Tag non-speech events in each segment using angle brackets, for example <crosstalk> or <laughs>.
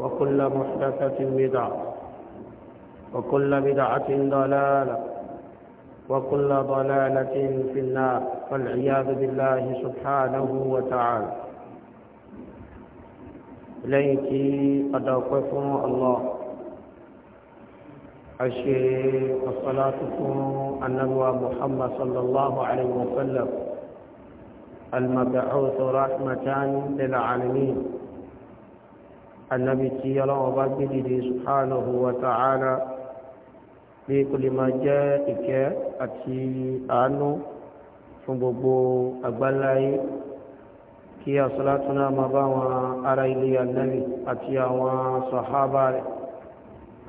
وكل محدثة بدعة وكل بدعة ضلالة وكل ضلالة في النار والعياذ بالله سبحانه وتعالى إليك أدوقف الله أشي أن النبوة محمد صلى الله عليه وسلم المبعوث رحمة للعالمين النبي تي الله وبعدي سبحانه وتعالى bí kò lè máa jẹ́ ìkẹ́ àti àánú fún gbogbo àgbáláyé kí àsọ́látún náà máa bá wọn ará ilé ànábì àti àwọn sàhábà rẹ̀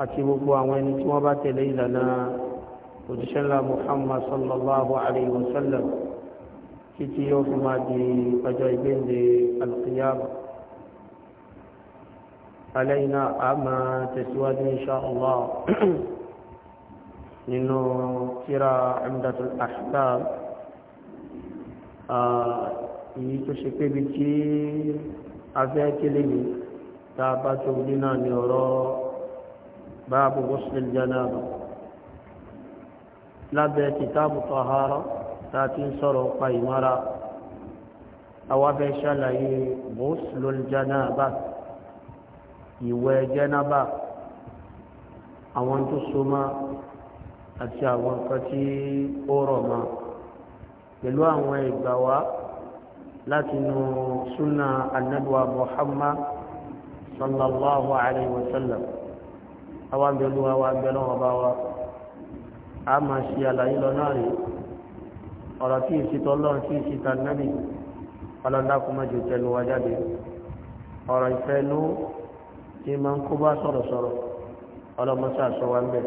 àti gbogbo àwọn ẹni tí wọ́n bá tẹ̀lé ìlànà òjíṣẹ́ Muhammad sallallahu alayhi wa sallam títí yóò fi máa di ọjọ́ ìgbéǹde al-qiyamah علينا أما تسود إن شاء الله nínú tíra ẹ̀mdàtún àṣìkáàb èyí tó ṣe pébi tí a fẹ́ kílé ní ta bá tó ní náà ní ọ̀rọ̀ báàbù ghusl janaba lábẹ́ kìtàbù tahara ta ti ń sọ̀rọ̀ pa ìmára awábẹ́ ṣàlàyé ghusl janaba ìwẹ̀ jẹ́nábà àwọn tó so mọ́ àti àwọn nǹkan tí ó rọ̀ mọ́ pẹ̀lú àwọn ìgbà wa láti nu súnà anábíwá Muhammad sallallahu alayhi wa sallam àwọn abẹ́lú àwọn abẹ́lú ọba wa a máa ṣe àlàyé lọ náà ọ̀rọ̀ tí ìsìtọ́ lọ́rùn tí ìsìtà nábì ọlọ́dá kó má tẹnu wa jáde ọ̀rọ̀ ìfẹ́ nú tí ma ń kó bá sọ̀rọ̀sọ̀rọ̀ ọlọ́mọṣà sọ wa ń bẹ̀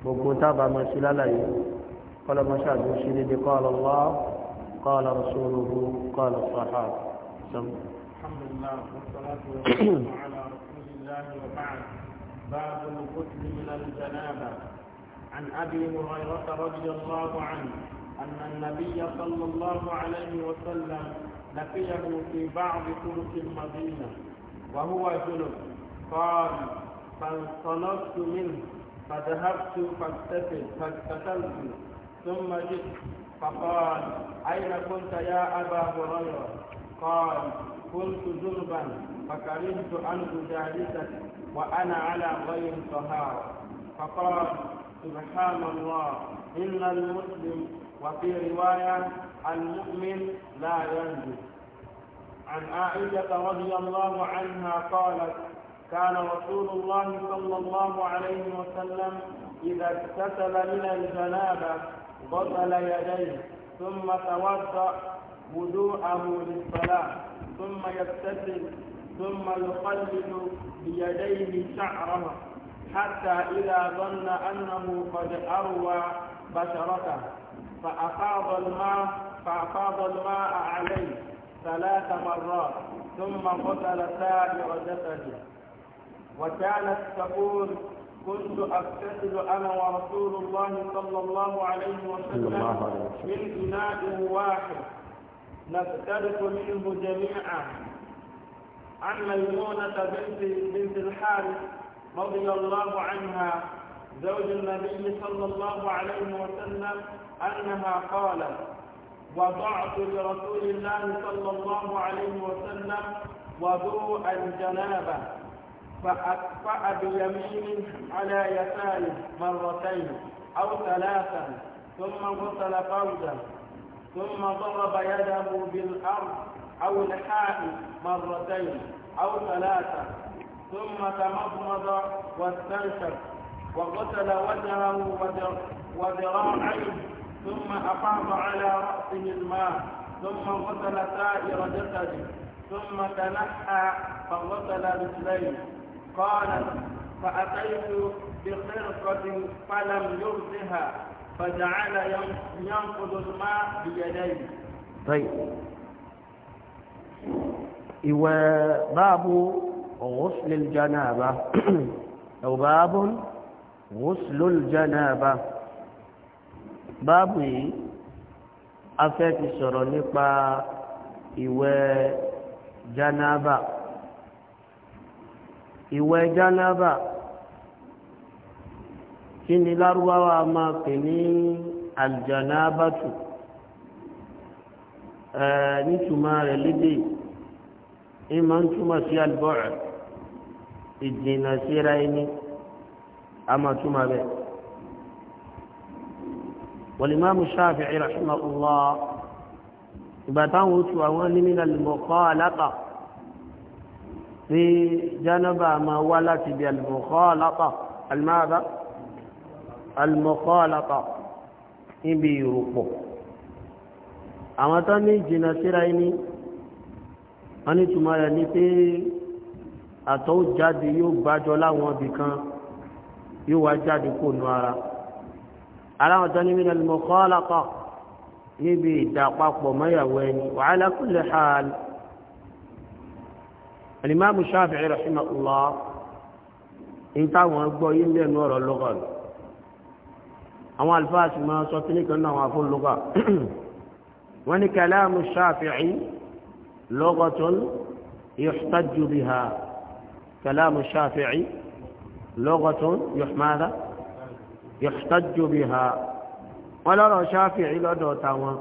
gbogbo tábà máa ṣe lálàyé ọlọ́mọṣà tó ṣe dédé qala Allah qala rasuluhu qala sahaba. alhamdulillah wa salatu wa <coughs> salamu ala rasulillah wa ba'd ba'd عن أبي هريرة رضي الله عنه أن النبي صلى الله عليه وسلم لقيه في بعض طرق المدينة وهو جنب قال فانطلقت منه فذهبت فاكتسل فاكتسلت ثم جئت فقال أين كنت يا أبا هريرة قال كنت ذنبا فكرهت أن أجالسك وأنا على غير طهارة فقال سبحان الله إن المسلم وفي رواية المؤمن لا ينجو عن عائشة رضي الله عنها قالت كان رسول الله صلى الله عليه وسلم إذا اكتسب من الجنابة بطل يديه ثم توضأ وضوءه للصلاة ثم يبتسم ثم يقلد بيديه شعره حتى إذا ظن أنه قد أروى بشرته فأفاض الماء فأفاض الماء عليه ثلاث مرات ثم قتل سائر جسده وكانت تقول كنت أبتسل أنا ورسول الله صلى الله عليه وسلم من إناء واحد نفترق منه جميعا عن ميمونة بنت بنت الحارث رضي الله عنها زوج النبي صلى الله عليه وسلم أنها قالت وضعت لرسول الله صلى الله عليه وسلم وضوء الجنابه فأكفأ بيمينه على يساره مرتين أو ثلاثا ثم غسل فوجه ثم ضرب يده بالأرض أو الحائط مرتين أو ثلاثة ثم تمضمض واستنشق وغسل وجهه وذراعيه ثم أفاض على رأسه الماء ثم غسل سائر جسده ثم تنحى فغسل رجليه قالت فأتيت بخرقة فلم يرضها فجعل ينقض الماء بيديه طيب وباب غسل الجنابة <clears throat> أو باب غسل الجنابة باب أفاتي ti sọ̀rọ̀ جنابة ìwẹ̀ jánábà kí ni lárúbáwá máa pè ní aljanabatu nítumọ̀ rẹ̀ lédè ìmọ̀ ń túmọ̀ sí albọ́ọ̀ ìjìnà síra ẹni a máa túmọ̀ bẹ́ẹ̀ wàlìmáàmù Shafi'i rahimahullah ìgbà táwọn oṣù àwọn nímìnà lè mọ̀kọ́ aláta pé jánàbà máa wá láti bí alìmọ̀kọ́ọ̀lápà alìmọ̀ọ́dá alìmọ̀kọ́ọ̀lápà níbi ìrùpọ̀ àwọn tó ní ìjìnà síra ẹni wọ́n ní túnmọ̀ rẹ̀ ní pé àtọ̀ jáde yóò gbájọ láwọn ibì kan yóò wá jáde kò nú ara aláwọn tó ní mìíràn alìmọ̀kọ́ọ̀lápà níbi ìdàpapọ̀ mọ́yàwó ẹni wàhálà kulli hal الإمام الشافعي رحمه الله انتا وانقو يمدي نور اللغة اما الفاس ما صوتني كنا وافو اللغة <clears throat> وان كلام الشافعي لغة يحتج بها كلام الشافعي لغة يحماذا يحتج بها ولا رأى الشافعي لدوتا وان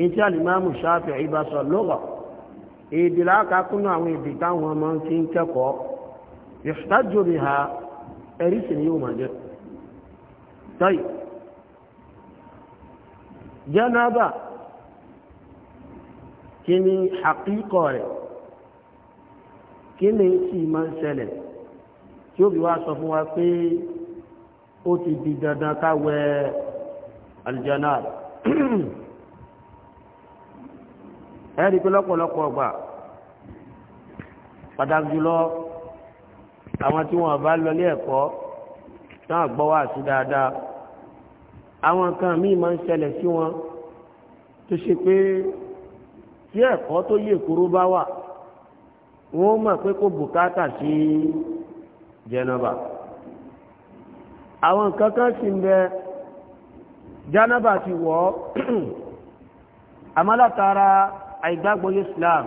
انتا الإمام الشافعي بس اللغة èdè lákàkúnnà àwọn èdè táwọn ọmọ fi ń kẹ́kọ̀ọ́ yọ̀ṣtájú bí ha ẹ̀rí sì ni yóò máa jẹ́ tọ́yì jẹ́nàbà kí ni àkíkọ̀ rẹ̀ kí ni sì máa ń ṣẹlẹ̀ tí ó bí wá sọ fún wa pé ó ti di dandan káwẹ́ aljanab ẹ̀rí pé lọ́pọ̀lọpọ̀ ọgbà pàtàkì jùlọ àwọn tí wọ́n bá lọ ilé ẹ̀kọ́ náà gbọ́ wá sí dáadáa àwọn kan míì máa ń ṣẹlẹ̀ sí wọn tó ṣe pé tí ẹ̀kọ́ tó yè kúrú bá wà wọ́n mọ̀ pé kò bùkátà sí jẹnaba àwọn kankan sì ń bẹ jẹnaba ti wọ̀ ọ́ <clears throat> àmọ́ látara. àìgbàgbọ́ Islam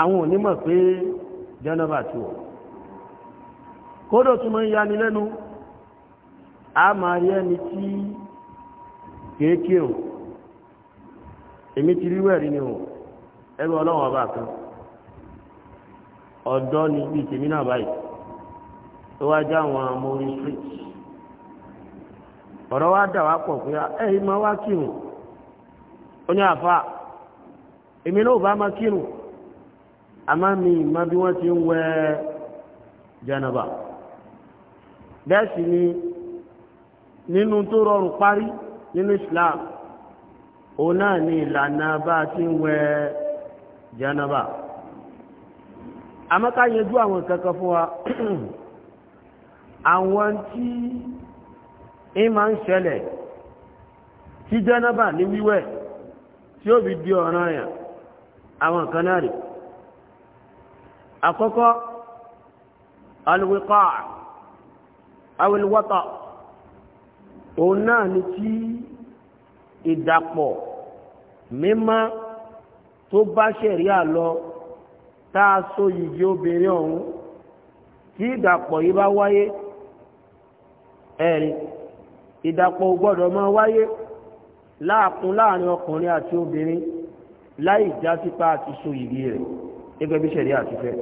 àwọn onímọ̀ pé jẹ́nàbà tí wọ̀ kódò tún ń yani lẹ́nu a máa rí ẹni tí o èmi ti ríwẹ̀ rí o ẹgbẹ́ ọlọ́wọ̀n ọba kan ọ̀dọ́ ni bí tèmi náà báyìí tó wá já àwọn street ọ̀rọ̀ wá dà wá pọ̀ pé ẹ̀yìn máa wá ó èmi náà bá máa kírun àmá mi ma bí wọ́n ti ń wẹ janaba bẹ́ẹ̀ sì ni nínú tó rọrùn parí nínú Islam òun náà ni ìlànà bá ti ń wẹ janaba àmọ́ ká yanjú àwọn kankan fún wa <clears throat> àwọn tí ń máa ń ṣẹlẹ̀ tí janaba ní wíwẹ̀ tí ó fi di ọ̀ranyàn àwọn kan náà rè àkọ́kọ́ alùwẹ́kọ́ awẹ́lúwọ́tọ̀ òun náà ni tí ìdàpọ̀ mímá tó bá ṣẹ̀rí àlọ tá a so yìí obìnrin ọ̀hún tí ìdàpọ̀ yìí bá wáyé ẹ̀rí ìdàpọ̀ gbọ́dọ̀ máa wáyé láàkún láàrin ọkùnrin àti obìnrin láì já sípa àti so ìrí rẹ̀ gẹ́gẹ́ bí ṣẹ̀rí àti fẹ́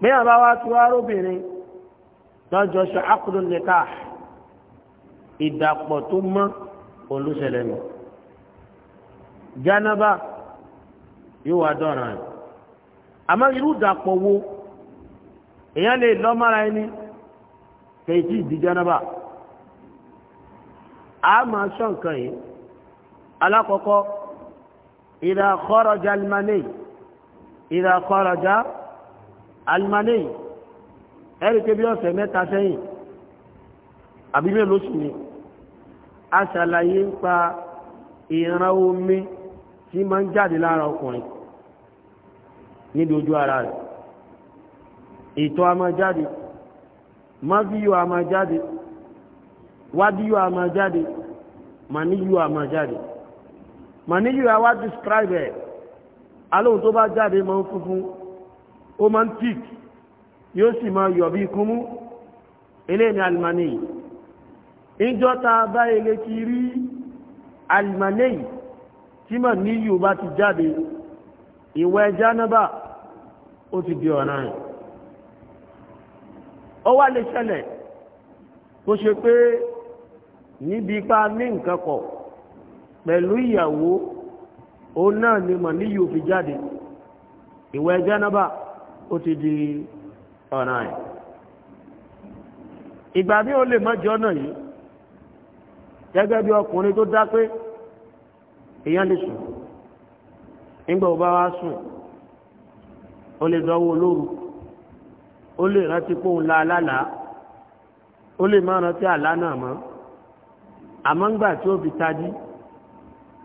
bí àbá wa tí wá róbìnrin lọ́jọ́ ṣe ákùdù nìka ìdàpọ̀ tó mọ́ olùṣẹ̀lẹ̀ nù jánábà yóò wá dọ̀ràn rẹ̀ àmọ́ irú ìdàpọ̀ wo èèyàn lè lọ́ mọ́ra ẹni kẹ̀yìtì ìdí jánábà a máa ṣọ́ nǹkan yìí alákọ̀ọ́kọ́ إذا خرج المني إذا خرج المني ẹ̀rìkẹ́ bí ọ̀sẹ̀ mẹ́ta sẹ́yìn àbí mélòó sì ni a ṣàlàyé ń pa ìran omi tí ma ń jáde lára ọkùnrin níbi ojú ara rẹ̀ ìtọ̀ a máa jáde mọ́bíyọ̀ a máa jáde wádìíyọ̀ a máa jáde màníyọ̀ a máa jáde màníyù àwa describe ẹ̀ alóhun tó bá jáde máa ń funfun ó máa ń tic yóò sì máa yọ̀ kúmú eléyìí ni alimani ìjọ ta bá ilé ti rí alimani tí màníyù bá ti jáde ìwẹ̀ jánábà ó ti di ọ̀nà ẹ̀ ó wá lè ṣẹlẹ̀ kó ṣe pé níbi ipá ní nǹkan kọ̀ pẹ̀lú ìyàwó ó náà ni mọ̀ ní yóò fi jáde ìwẹ̀ jánábà ó ti di ọ̀nà ẹ̀ ìgbà ní ó lè mọ́jọ́ náà yìí gẹ́gẹ́ bí ọkùnrin tó dá pé èèyàn lè sùn nígbà ó wá sùn ó lè dánwó olóru ó lè rántí pé òun la alálàá ó lè má rántí àlá náà mọ́ àmọ́ ńgbà tí ó fi tají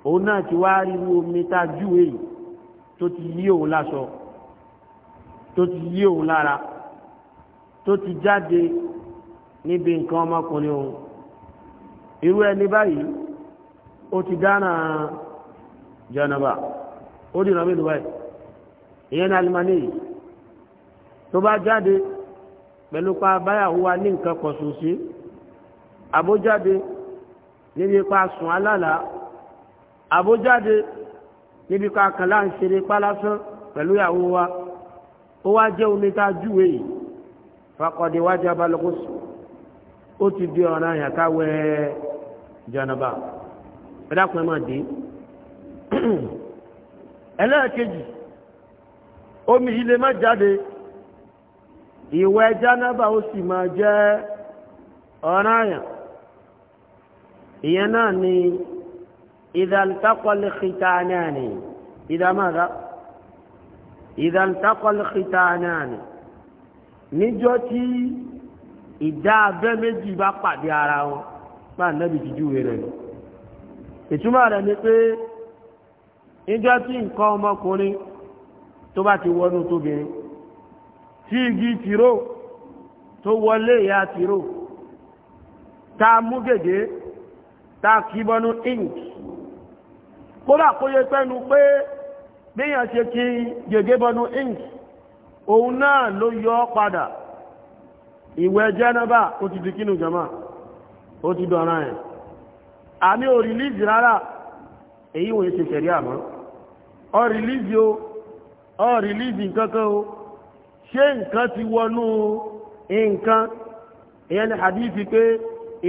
òun náà ti wá ríru omi tá a júwe yìí tó ti yí òun láṣọ tó ti yí òun lára tó ti jáde níbi nǹkan ọmọkùnrin òun irú ẹni báyìí ó ti dáná jẹnaba ó dìrọ̀ mí lùwẹ̀ ìyẹn ní alimani yìí tó bá jáde pẹ̀lú pa báyàwó wa ní nǹkan kọ̀sùn sí àbójáde níbi pa sùn alálàá àbójáde níbi ká kànlá ń ṣeré pálásán pẹ̀lú ìyàwó wa ó wá jẹ́ omi tá a júwe yìí fakọ̀dé wájú abalọ́kọ́sù ó ti di ọ̀ràn àyàká wẹ jọ̀nàbà ẹ̀dàkùn ẹ̀ máa dé <clears throat> ẹlẹ́ẹ̀kejì omi yìí lè má jáde ìwẹ̀ jánàbà ó sì máa jẹ́ ọ̀ràn àyà ìyẹn náà ni. إذا التقى الختانان إذا ماذا إذا التقى الختانان níjọ́ tí ìdá abẹ́ méjì bá pàdé ara wọn máa nẹ́bì ti júwe rẹ̀ lọ ìtumọ̀ rẹ̀ ni pé níjọ́ tí nǹkan ọmọkùnrin tó bá ti wọnú tóbìnrin tí igi tìró tó wọlé ìyá tìró tá a mú gègé tá a kí bọ́nú ink kódà kó yẹ pẹ́nu pé bíyàn ṣe kí gègé bọnu ink òun náà ló yọ ọ́ padà ìwẹ̀ jẹ́nàbà ó ti di kínú jama ó ti dọ̀ra ẹ̀ àmì ò rìlíìsì rárá èyí wòye ṣe ṣẹ̀rí àmọ́ ọ rìlíìsì o ọ rìlíìsì nǹkankan o ṣé nǹkan ti wọnú nǹkan ìyẹn ni hadithi pé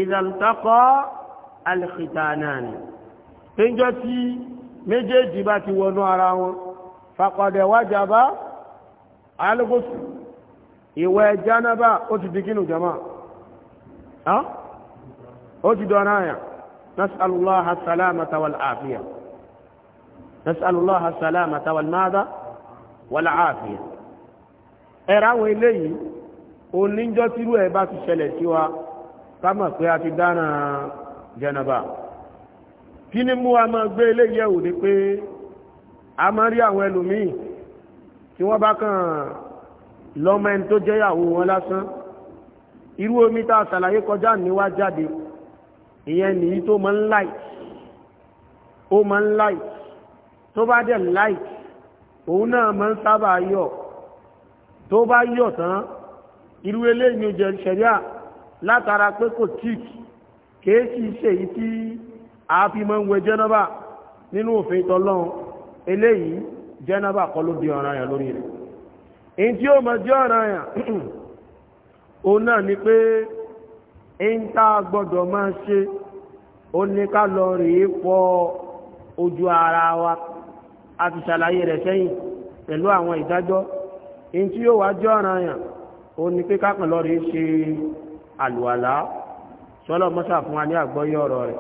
ìdàlùtakọ́ alìkìtà náà ni níjọ́ tí méjèèjì bá ti wọnú ara wọn fàkọ̀dẹ̀ wájàbá alógósù ìwẹ̀ jánábà ó ti di kínú jama ó ti dọ̀nà àyà nasalullaha salamata wal afiya nasalullaha salamata wal mada wal afiya ẹ̀rà àwọn eléyìí oníjọ́ ẹ̀ bá ti ṣẹlẹ̀ sí wa pé a ti dáná jánábà kí ni mú a máa gbé eléyẹ̀ ò ní pé a máa rí àwọn ẹlòmíì tí wọ́n bá kàn lọ́mọ ẹni tó jẹ́ ìyàwó wọn lásán irú omi tá a ṣàlàyé kọjá níwá jáde ìyẹn nìyí tó máa ń láì ó máa ń láì tó bá dẹ̀ láì òun náà máa ń sábà yọ̀ tó bá yọ̀ tán irú eléyìí ò jẹ́ ṣẹ̀ríà látara pé kò tíì kèé sì ṣèyí tí àáfi máa ń wẹ jẹ́nàbà nínú òfin tọ́lọ́run eléyìí jẹ́nàbà kọ́ ló di ọ̀ràn yẹn lórí rẹ̀ èyí tí ó mọ̀ jẹ́ ọ̀ràn yẹn <clears throat> òun náà ni pé ń tá a gbọ́dọ̀ máa ṣe ó ní ká lọ rèé fọ ojú ara wa a ti ṣàlàyé rẹ̀ sẹ́yìn pẹ̀lú àwọn ìdájọ́ in tí yóò wá jọ́ ọ̀ràn yàn ó ní pé kápẹ̀ lọ́rẹ̀ ṣe àlùwàlá sọ́lọ̀ mọ́sà fún wa ní àgbọ́yé ọ̀rọ̀ rẹ̀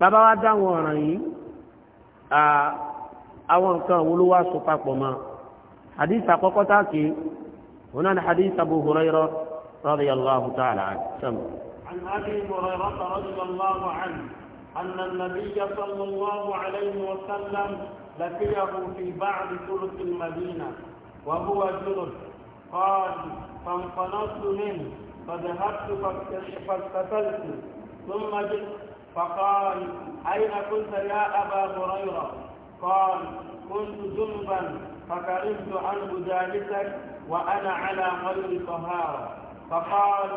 bàbá wa dáwọn ọ̀ràn yìí àwọn nǹkan wo ló wá so papọ̀ mọ́ hadith àkọ́kọ́ táàkì wọn náà ni hadith Abu Hurairah radiyallahu ta'ala anhu. عن أبي هريرة رضي الله عنه أن النبي صلى الله عليه وسلم لقيه في بعض طرق المدينة وهو جرد قال فانقنصت منه فذهبت فاغتسلت ثم جئت فقال أين كنت يا أبا هريرة قال كنت جنبا فكرهت عنه جالسك وأنا على غير طهارة فقال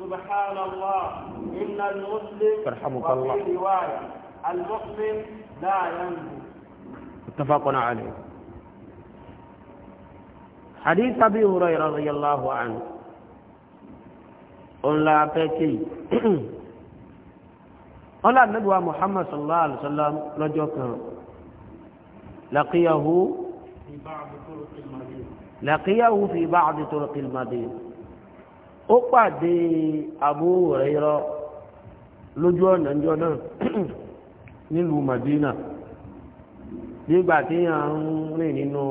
سبحان الله إن المسلم يرحمك الله رواية المؤمن لا ينزل اتفقنا عليه حديث أبي هريرة رضي الله عنه أن لا تكي <clears throat> ọlá àdínàbíwá Muhammad sallallahu alaihi wasallam lọ́jọ́ kan laqiyahu laqiyahu fi ba'di turuqil madina ó pàdé Abu Hurairah lójú ọ̀nà ìjọ náà <clears throat> nílùú Madina nígbà tí a ń rìn nínú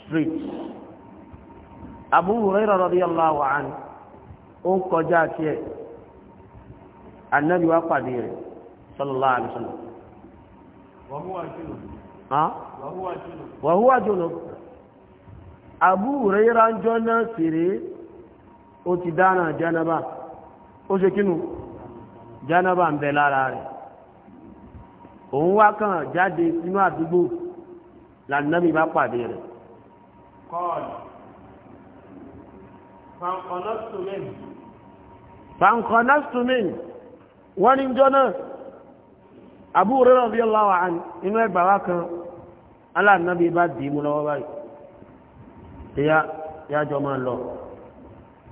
street Abu Hurairah radiyallahu anhu ó ń kọjá tiẹ̀ anabi wa pàdé rẹ̀ sallallahu alaihi wasallam. wàhúwà jùlọ. Abu Huraira ń jọ náà sèré ó ti dáná janaba ó ṣe kínú janaba ń bẹ lára rẹ̀ òun wá kàn jáde sínú àdúgbò lànàmì bá pàdé rẹ̀. kọ́ọ̀lù fankonasumin wọ́n ní jọ náà Abu Hurairah radiyallahu anhu inú ẹgbà wá kan aláàdínábí bá dì í mú lọ́wọ́ báyìí ìyá yájọ máa lọ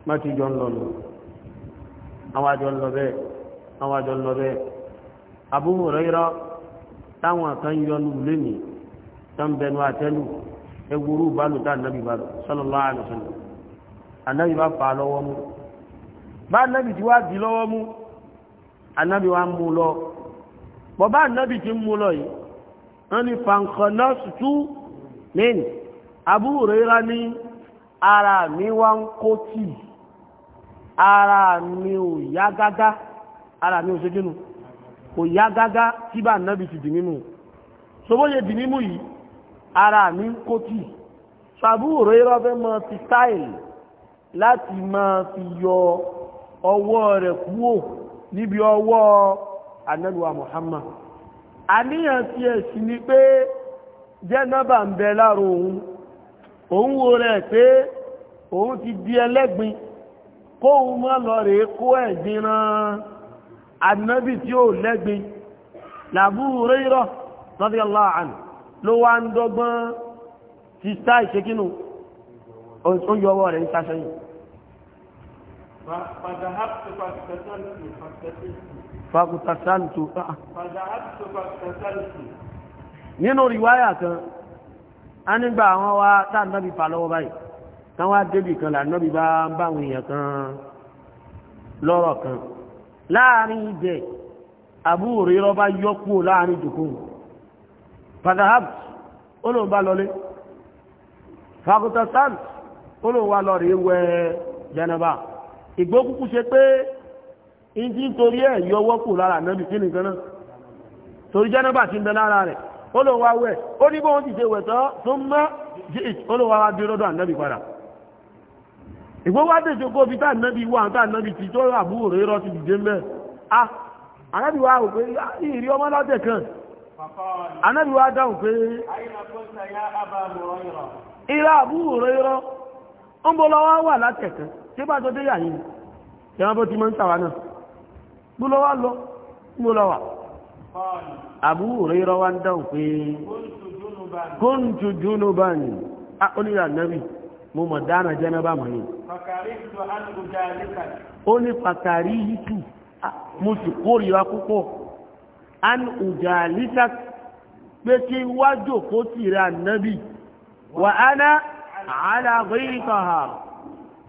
mọ́tí jọ ń lọ lọ àwọn àjọ ń lọ bẹ́ẹ̀ àwọn àjọ ń lọ bẹ́ẹ̀ Abu Hurairah táwọn kan yọnu lónìí tán bẹnu àtẹ́lù ewúrú bálòtá ànábì bálò sallallahu alaihi ànábì bá fà lọ́wọ́ mú bá ànábì tí wá dì lọ́wọ́ mú anábì wa mú lọ bọ̀bá anábì ti mú lọ yìí wọ́n ní fankanọ́sùtú lẹ́nu Abu Hurairah ní ara mi wá ń kó tì ara mi ò yá gágá ara mi ò ṣe gínú kò yá gágá tí bá anábì ti dì mímú sobóye dì mímú yìí ara mi ń kó tì so Abu Hurairah fẹ́ mọ ti táìlì láti máa fi yọ ọwọ́ rẹ̀ kúrò níbi ọwọ́ anẹ́lúwà Muhammad àníyàn sí ẹ̀sì ni pé jẹ́nàbà ń bẹ láàrò òun òun wo rẹ̀ pé òun ti di ẹlẹ́gbin kóhun mọ́ lọ rèé kó ẹ̀gbin rán anẹ́bì tí ó lẹ́gbin làbúrú rírọ̀ ló wá ń dọ́gbọ́n ti sá ìṣekínú ó yọ rẹ̀ ń sáṣẹ́yìn فذهبت فاغتسلت فاغتسلت فذهبت فاغتسلت nínú rìwáyà kan a nígbà àwọn wá tá nábi fà lọ́wọ́ báyìí kan wá débì kan là nábi bá ń báwọn èèyàn kan lọ́rọ̀ kan láàrin ibẹ̀ àbúrò rírọ́ bá yọ́kú láàrin ìjòkóhùn fadahabt olóhùn bá lọlé fagotasan olóhùn wá lọ ìgbó kúkú ṣe pé ìdí nítorí ẹ̀ yọ ọwọ́ kù lára ànábì kí nìkan náà torí jẹ́nàbà ti ń bẹ lára rẹ̀ ó lò wá wẹ̀ ó ní bóun ti ṣe wẹ̀ tán tó ń mọ́ ó lò wá wá bí lọ́dọ̀ ànábì padà ìgbó ah ànábì wá rò pé ìrí ọmọ lọ́tẹ̀ kan ànábì wá dáhùn pé ìrà àbúrò rẹ̀ rọ́ ń bọ́ wà látẹ̀ tí bá tó dé yà yìí ẹ̀wọ́n bó ti mọ́ ń tàwà náà gbúlọ wá lọ gbúlọ wà Abu Hurairah wá ń dáhùn pé kuntu junuban ah, ní oníyà nẹ́bì mo mọ̀ dáná jẹ́nẹ́bà mọ̀ ní ó ní pàtàrí yìí ah, mo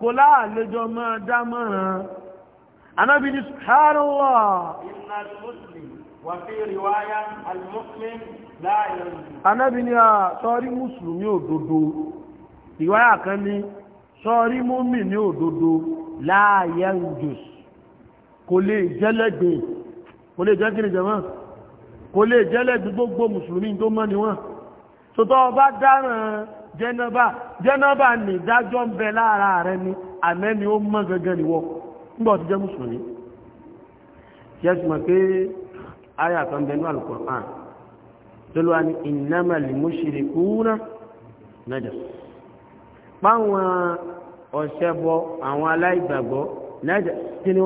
kò láàlejò máa dámọ̀ràn anábi ni ṣàrọ̀wà anábi ni a sọ́rí mùsùlùmí òdodo ìwáyà kan ní sọ́rí múmi ní òdodo láàyẹ̀ jùs kò lè jẹ́lẹ́gbẹ̀ kò lè jẹ́ kìrì jẹ́mọ́ kò lè jẹ́lẹ́gbẹ̀ gbogbo mùsùlùmí tó mọ́ ni wọ́n tó jẹ́nàbà jẹ́nàbà ní ìdájọ́ ń bẹ lára rẹ̀ ni àmẹ́ni ó mọ́ gẹ́gẹ́ níwọ́ nígbà tí jẹ́ mùsùlùmí ṣe ṣe mọ̀ pé ayà kan bẹnu al-Qur'an tó lọ́wọ́ ni innamal mushrikuna najas páwọn ọ̀ṣẹ́bọ àwọn aláìgbàgbọ́ najas kí ni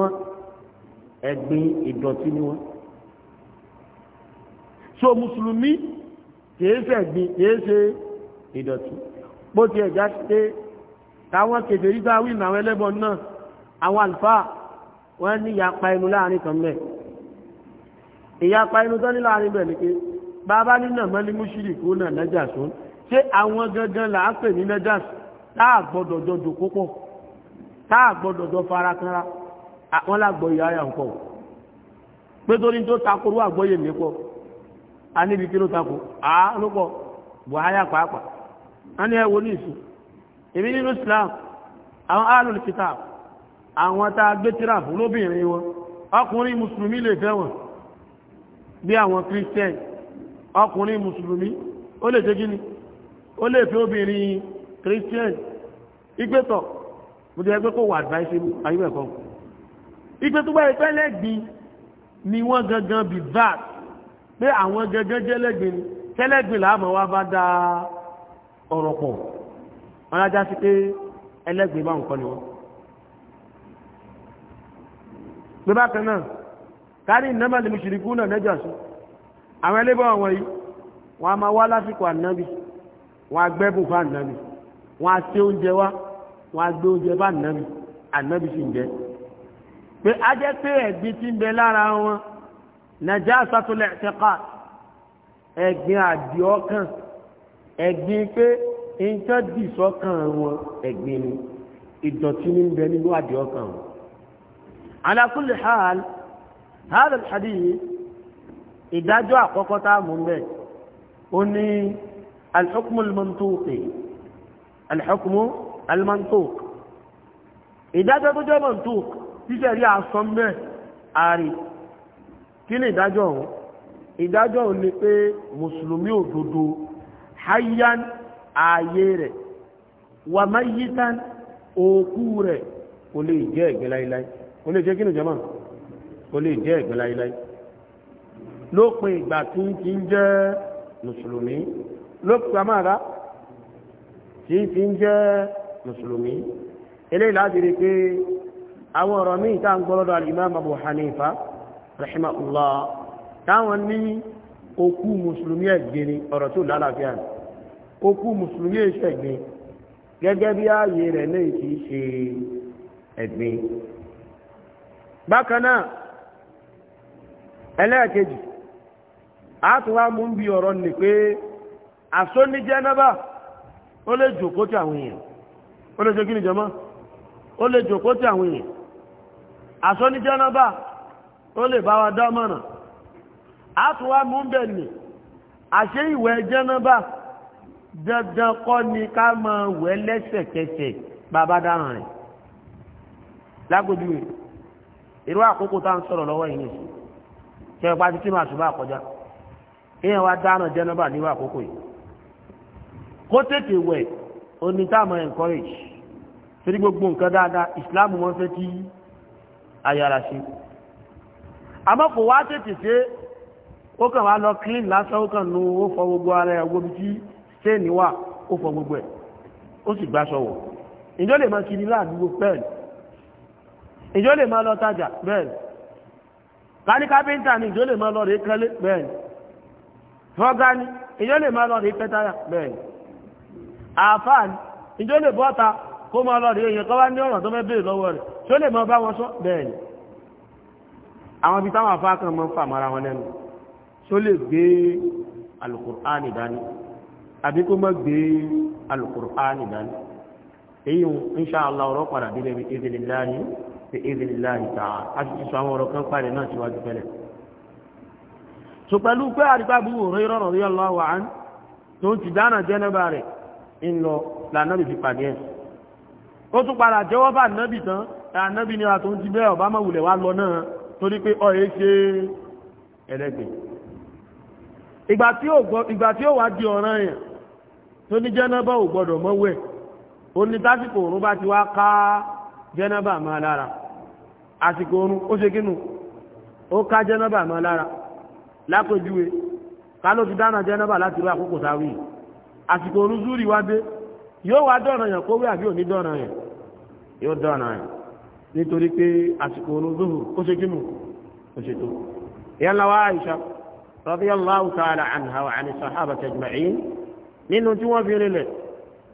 ìdọ̀tí ni wọ́n so mùsùlùmí kìí ṣẹ̀gbin kìí ṣe ìdọ̀tí bó ti ẹ̀já sí pé táwọn kèfèrí bá wí àwọn ẹlẹ́bọ náà àwọn àlùfáà wọ́n ní ìyapa inú láàrin kan mẹ́ ìyapa inú tán ní láàrin bẹ̀ ní pé bàbá nínà mọ́lí múṣírì kó náà lẹ́jà sún ṣé àwọn gangan là ń pè ní lẹ́jà táàgbọ́dọ̀ jọjọ púpọ̀ táàgbọ́dọ̀ jọ fara kanra àwọn pọ̀ pé wọ́n ní ẹwọ ní ìsìn èmi nínú Islam àwọn alul kitab àwọn tá a gbé tíra fún lóbìnrin wọn ọkùnrin mùsùlùmí lè fẹ́ wọn bí àwọn Christian ọkùnrin mùsùlùmí ó lè ṣe gíní ó lè fẹ́ obìnrin Christian ìgbẹ́tọ̀ mo jẹ́ pé kó wà advisable ayúbẹ̀kọ́ ìgbẹ́ tó bá ẹgbẹ́ lẹ́gbìn ni wọ́n gangan bí vat pé àwọn gangan jẹ́ lẹ́gbìn ni tẹ́lẹ́gbìn làá mọ̀ wá bá dáa ọ̀rọ̀ pọ̀ wọn ajá sí pé ẹlẹ́gbẹ̀ẹ́ bá nǹkan ni wọn. pé bákan náà kárí ìnámàlì mùsùlùmí náà lẹ́jọ́ sí àwọn ẹlẹ́bọ̀ wọn yìí wọn a máa wá lásìkò ànábì wọn a gbẹ́bùn fún ànábì wọn a ṣe oúnjẹ wá wọn a gbé oúnjẹ fún ànábì ànábì sì ń jẹ pé a jẹ́ pé ẹ̀gbin ti ń bẹ lára wọn nàjà sátúlẹ̀ ẹ̀tẹ́kà ẹ̀gbin àdìọ́kàn ẹ̀gbin pé nǹkan dì sọ́kàn wọn ẹ̀gbin ni ìdọ̀tí ní bẹ nínú àdì ọkàn wọn. ala kulli hal hal al-hadith ìdájọ́ àkọ́kọ́ tá a mú bẹ́ ó ní al-hukmu al-mantuqi al-hukmu al-mantuq ìdájọ́ ni pé mùsùlùmí òdodo hayyan ààyè rẹ̀ wà mayitan òkú rẹ̀ kò lè jẹ́ ẹ̀gbẹ́ láíláí kò lè jẹ́ kí ni jẹ́mọ́ kò lè jẹ́ ẹ̀gbẹ́ láíláí lópin ìgbà tí ń ti ń jẹ́ mùsùlùmí lópin àmàrà tí ń ti ń jẹ́ okú Musulumi ẹ̀gbin ni ọ̀rọ̀ tó lálàáfíà ni okú mùsùlùmí ẹ̀ṣẹ̀gbin gẹ́gẹ́ bí ààyè rẹ̀ náà ti ṣe ẹ̀gbin bákan ẹlẹ́ẹ̀kejì àtúwá mú ń ọ̀rọ̀ ní pé àsóníjẹ́nàbà ó lè jòkó tí àwọn èèyàn ó lè ṣe jọmọ́ ó lè jòkó tí àwọn èèyàn ó lè àtúwà mú bẹ̀ nì àṣẹ ìwẹ̀ jẹ́nàbà dandan kọ́ ni ká máa wẹ̀ lẹ́sẹ̀kẹsẹ̀ bàbá dáràn rẹ̀ lágbójúwe irú àkókò tá ń sọ̀rọ̀ lọ́wọ́ yìí nìyí ṣe é pàtí tí màá tún bá kọjá èèyàn wá dáràn jẹ́nàbà nírú àkókò yìí kó tètè wẹ̀ oní táàmù encourage torí gbogbo nǹkan dáadáa ìsìláàmù wọn fẹ́ kí ayára ṣe àmọ́ kò wá tètè ṣe ó kàn wá lọ clean lásán ó kàn nu ó fọ gbogbo ara ẹ̀ gbogbo tí stain wà ó fọ gbogbo ẹ̀ ó sì gbá sọ̀wọ̀ ìjọ lè máa kiri láàdúgbò bẹ́ẹ̀ ìjọ lè máa lọ tajà bẹ́ẹ̀ ká ní kápẹ́ńtà ni ìjọ lè máa lọ rèé kẹ́lé bẹ́ẹ̀ fọ́gá ni ìjọ lè máa lọ rèé pẹ́tàrà bẹ́ẹ̀ àáfàá ni ìjọ lè bọ́ta kó máa lọ rèé èèyàn kan wá ní ọ̀rọ̀ tó fẹ́ béèrè lọ́wọ́ rẹ̀ tí lè máa bá wọn sọ bẹ́ẹ̀ àwọn ibi táwọn afá kan máa ń fà mọ́ra wọn lẹ́nu tó lè gbé alukur'ani dání àbí kó má gbé alukur'ani dání èyí insha Allah ọ̀rọ̀ padà délé bí ìdílìláyé bí ìdílìláyé tàà a ti sọ àwọn ọ̀rọ̀ kan parí náà síwájú tẹ́lẹ̀ so pẹ̀lú pé àdìgbà bí òòrùn ìrọ̀rùn rí ọlọ́wà án tó ń ti dáná jẹ́nẹ́bà rẹ̀ ń lọ lànàbì fi pàdé ẹ̀ ó tún padà jẹ́wọ́ bá nàbì tán lànàbì ni àtúntí bẹ́ẹ̀ ọ̀bá mọ̀wùlẹ̀ wá lọ náà torí pé ọ̀ ìgbà tí ó wá di ọ̀ràn yẹn tó ní jẹ́nàbà ò gbọ́dọ̀ mọ́wẹ́ ó ní tásìkò òrùn bá ti wá ká jẹ́nàbà máa lára àsìkò òrùn ó ṣe kínú ó ká jẹ́nàbà máa lára lápèjúwe ká ló ti dáná jẹ́nàbà láti rú àkókò sáwì àsìkò òrùn zúrì wá dé رضي الله تعالى عنها وعن الصحابة أجمعين nínú tí wọ́n fi rílẹ̀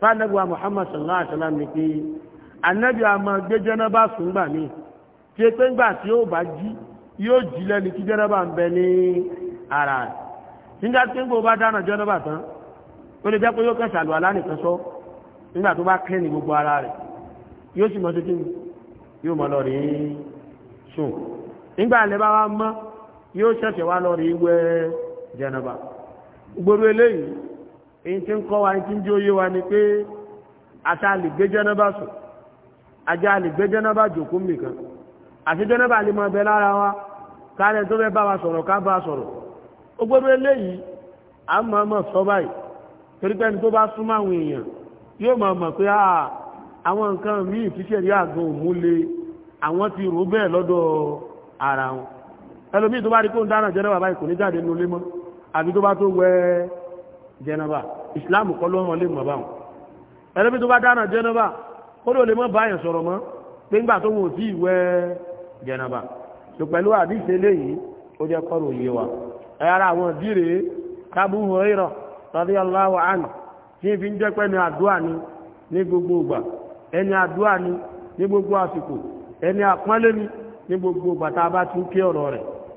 fánàgbà Muhammad sallallahu alaihi wasallam ní pé anábì àmọ́ gbé jẹ́nàbà sùn gbà mí tí é pé ńgbà tí ó bá jí yóò jí lẹ́ni tí jẹ́nàbà ń bẹ ní ara rẹ̀ nígbà tí ń gbò bá dáná jẹ́nàbà tán ó lè jẹ́ pé yóò kẹsà lù alánìkan sọ nígbà tó bá kẹ́ ní gbogbo ara rẹ̀ yóò sì mọ́ sí kí yóò mọ́ lọ rí sùn nígbà lẹ́ bá wá mọ́ yóò ṣẹ̀ṣẹ̀ wá lọ rí wẹ̀ jẹnaba gbogbo eléyìí èyí tí ń kọ́ wa tí ń jí óyé wa ni pé àṣà lè gbé jẹnaba sùn ajá lè gbé jẹnaba jòkó nìkan àti jẹnaba lè mọ ẹbẹ lára wa kálẹ̀ tó fẹ́ bá wa sọ̀rọ̀ ká bá sọ̀rọ̀ gbogbo eléyìí a máa mọ̀ sọ báyìí torí pé ẹni tó bá súnmọ́ àwọn èèyàn yóò máa mọ̀ pé àwọn nǹkan míì tíṣẹ̀rí àgbọn òmúle àwọn ti rò bẹ́ẹ̀ lọ́dọ̀ ara wọn ẹlòmí tó bá rí kó ń dáná jẹ́nàbà báyìí kò ní jáde ní olé mọ́ àbí tó bá tó wẹ jẹ́nàbà ìsìláàmù kọ́ ló hàn lè mọ̀ báwọn ẹlòmí tó bá dáná jẹ́nàbà ó lè mọ́ báyìí sọ̀rọ̀ mọ́ pé ńgbà tó wọ́n tí wẹ jẹ́nàbà tó pẹ̀lú àdíṣe léyìí ó jẹ́ kọ́rọ̀ yé wa ẹ̀yára àwọn díre kábù hùrẹ́rọ̀ radiyallahu anhu tí fi ń jẹ́ pẹ́ ni àdúà ni ní gbogbo ìgbà ẹni àdúà ni ní gbogbo àsìkò ẹni àpọ́nlé ni ní gbogbo ìgbà tá a bá tún ké ọ̀rọ̀ rẹ̀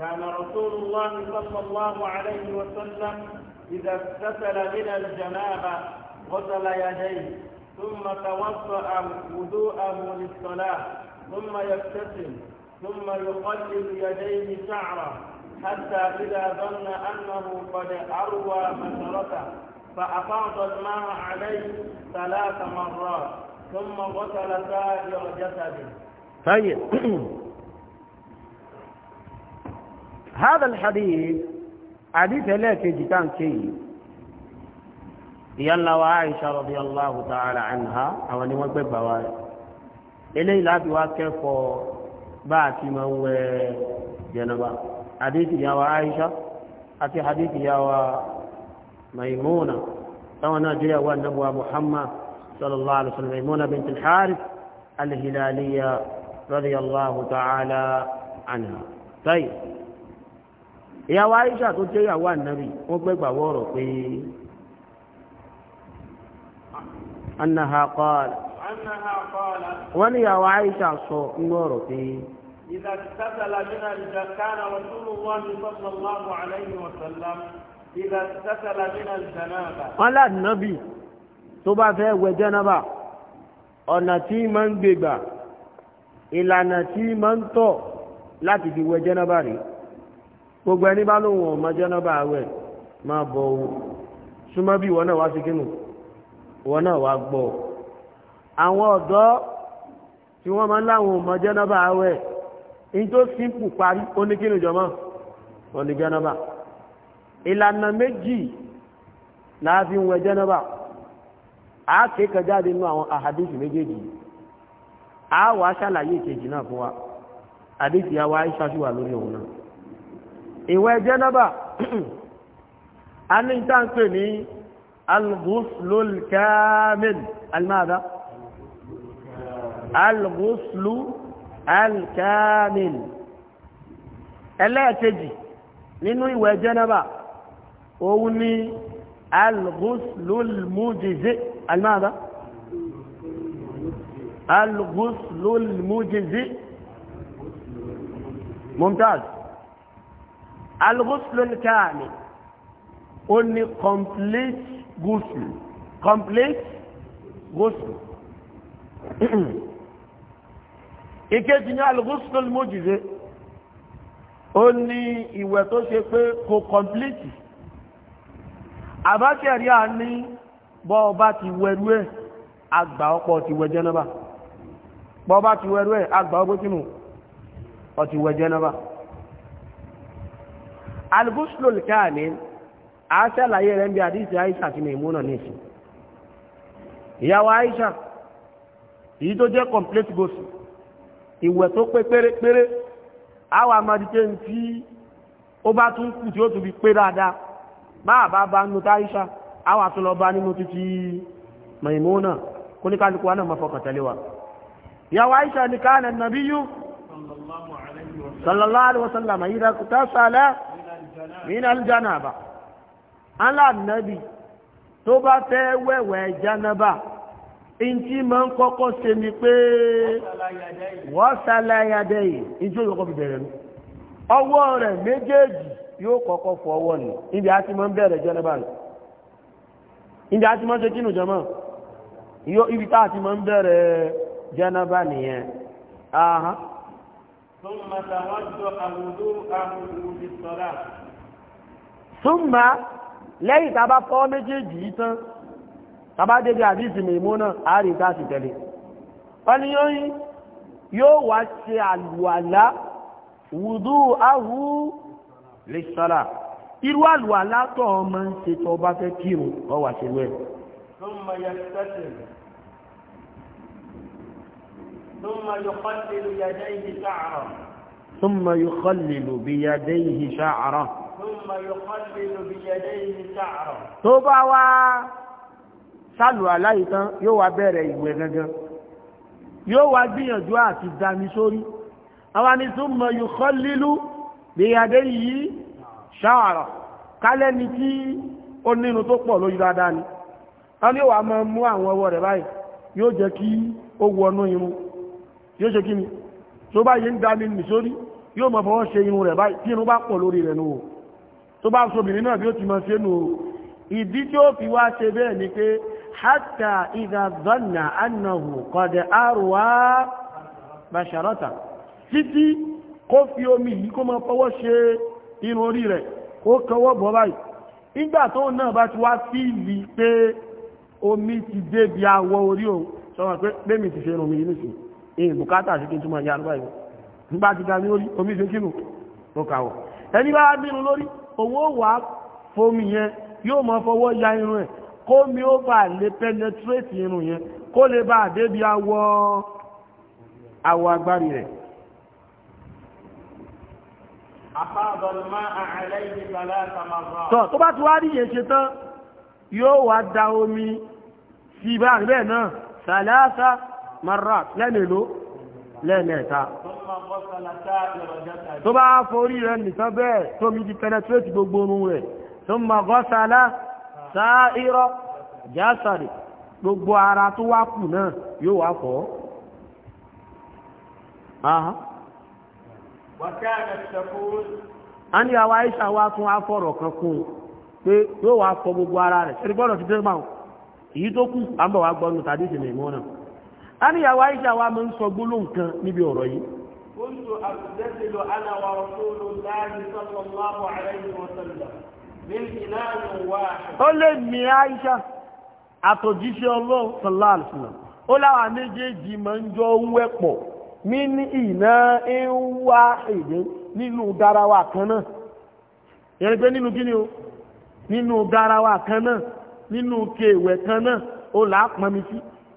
كان رسول الله صلى الله عليه وسلم إذا اغتسل من الجنابة غسل يديه ثم توضأ وضوءه للصلاة ثم يبتسم ثم يقلب يديه شعره حتى إذا ظن أنه قد أروى بشرته فأفاض الماء عليه ثلاث مرات ثم غسل سائر جسده. طيب هذا الحديث حديث لك جتان كي يلا وعائشة رضي الله تعالى عنها أو أن يوقف بواري إليه لا بواكف باتي من جنبا حديث يا وعائشة أتي حديث يا ميمونة أو ناجية والنبوة محمد صلى الله عليه وسلم ميمونة بنت الحارث الهلالية رضي الله تعالى عنها طيب ìyàwó Aisha tó jẹ́ ìyàwó ànábì wọ́n gbẹ́gbà wọ́ọ̀rọ̀ pé annaha qala wọ́n ní ìyàwó Aisha sọ inú ọ̀rọ̀ pé إذا اغتسل من إذا رسول الله صلى الله عليه وسلم إذا اغتسل من الجنابة قال النبي tó bá fẹ́ wẹ̀ jẹ́nàbà ọ̀nà tí ma ń gbègbà ìlànà tí ma ń tọ̀ láti fi wẹ̀ jẹ́nàbà rèé gbogbo ẹni bá lóhun ọmọ jẹ́nàbà àwẹ̀ máa bọ̀ owó súnmọ́ bí ìwọ náà wá sí kínú ìwọ náà wá gbọ́ àwọn ọ̀dọ́ tí wọ́n máa ń láwọn ọmọ jẹ́nàbà àwẹ̀ in tó sínkù parí ó ní kínú jọmọ́ wọn ní jẹ́nàbà ìlànà méjì láàfin wẹ̀ jẹ́nàbà a ké kẹjáde nínú àwọn àhàdísì méjèèjì a wàá ṣàlàyé ìkejì náà fún wa àdísì àwa aṣáṣúwà lórí òun náà ìwẹ̀ jẹ́nàbà a ní ìtànkè ní al-ghuslul kamil al-mada al-ghuslu al-kamil ẹlẹ́ẹ̀kejì nínú ìwẹ̀ jẹ́nàbà òun ni al-ghuslul mujizi al-mada al-ghuslul mujizi mumtaz al-ghuslul kamil ó ní complete ghusl complete ghusl <clears throat> ìkejì ní al-ghuslul mujize ó ní ìwẹ̀ tó ṣe pé kò complete àbákẹ́rí à ní bọ́ ọba ti wẹ̀rú ẹ̀ àgbà ọpọ̀ ti wẹ̀ jẹ́nàbà bọ́ ọba ti wẹ̀rú ẹ̀ àgbà ọgbẹ́ sínú ọ ti wẹ̀ jẹ́nàbà albuslul kamil a ṣàlàyé rẹ̀ ń bí àdíṣe Aisha àti Maimuna nìṣẹ́ ìyàwó Aisha èyí tó jẹ́ complete gospel ìwẹ̀ tó pé pérépéré àwọn amadite ń tí ó bá tún kù tí ó tún fi pé dáadáa máa bá bá nínú táìṣà àwọn àtúnlọba nínú títí Maimuna kó ní náà máa fọkàn tẹ́lẹ̀ wa ìyàwó Aisha ní káàlẹ̀ nàbíyú sallallahu alaihi wasallam yìí dákútà sálẹ́ min aljanaba aláàbí tó bá fẹ́ wẹ̀wẹ̀ janaba ìntí máa ń kọ́kọ́ ṣe ni pé wọ́sàláyàdé yìí ìjú òyìnbó fi bẹ̀rẹ̀ nù ọwọ́ rẹ̀ méjèèjì yóò kọ́kọ́ fọ ọwọ́ nù ibi a ti máa ń bẹ̀rẹ̀ janaba nù ibi a ti máa ń ṣe kínú jọmọ́ ibi tá a ti máa ń bẹ̀rẹ̀ janaba nìyẹn ثم توضأ وضوءه للصلاة ثم lẹ́yìn tá a bá fọ́ méjèèjì yìí tán tá a bá débi àdísì mèmú náà a rí ká sì tẹ̀lé ọlọ́yìn yóò wá ṣe àlùwàlá wùdú áhù lè sọ́lá irú àlùwàlá tó ọmọ ń ṣe tó bá fẹ́ kírun ó wá ṣe wẹ́ẹ̀ ثم يخلل بيديه شعره ثم يخلل بيديه شعره tó bá wá sálù aláìtán yóò wá bẹ̀rẹ̀ ìwẹ̀ gangan yóò wá gbìyànjú àti dami sórí àwọn ni ثم يخلل بيديه شعره kálẹ́ ni tí ó nínú tó pọ̀ lójú dáadáa ni wọ́n ni ó wà máa mú àwọn ọwọ́ rẹ̀ báyìí yóò jẹ́ kí ó wọnú irun yóò ṣe kí ni tó bá yìí ń dá mi nì yóò mọ̀ fọwọ́ ṣe irun rẹ̀ báyìí tí irun bá pọ̀ lórí rẹ̀ nù tó bá sobìnrin náà bí ó ti mọ̀ ṣe nù ìdí tí ó fi wá ṣe bẹ́ẹ̀ ni pé hátà ìdá omi ti wá fíìlì awọ orí òun sọ pé mi ti ṣe irun mi yìí èyí bùkátà sí kí n túnmọ̀ ìyá àrùbá ìwò nígbà ti ga ní omi ìṣe kírù ó kàwọ̀ ẹni bá bínú lórí òun wà fomi yẹn yóò mọ fọwọ́ ya irun ẹ̀ kó mi ó bà lè penetrate irun yẹn kó lè bá débi awọ awọ agbárí rẹ̀ tó bá ti wá rí ṣe tán yóò wá da omi sí ibá rẹ̀ náà sàlásà marat lẹ́mìlú lẹ́ẹ̀mẹ́ta tó bá forí rẹ̀ nìkan bẹ́ẹ̀ tó mi di penetrate gbogbo orun rẹ̀ tó ma gọ́sàlá sáírọ̀ jásàrì gbogbo ara tó wá kù náà yóò wá fọ́ a ní àwa Aisha wá tún afọ́rọ̀ kan kún pé yóò wá fọ́ gbogbo ara rẹ̀ ṣe gbọ́dọ̀ ti dé máa èyí tó kù àbọ̀wá gbọ́nu tàbí ìsinmi ìmọ̀ náà a ní ìyàwó Aisha wa máa ń sọ gbólóhùn kan níbi ọ̀rọ̀ yìí. Kuntu abdasilu ana wa Rasulullahi sallallahu alayhi wa sallam min ilahin wahid. Ó lè mi Aisha àtọ̀jíṣẹ́ Ọlọ́run sallallahu alayhi wa sallam. Ó láwa méjèèjì máa ń jọ ń wẹ̀pọ̀ min ina'in wahid nínú garawa kan náà. Yẹ́nì kan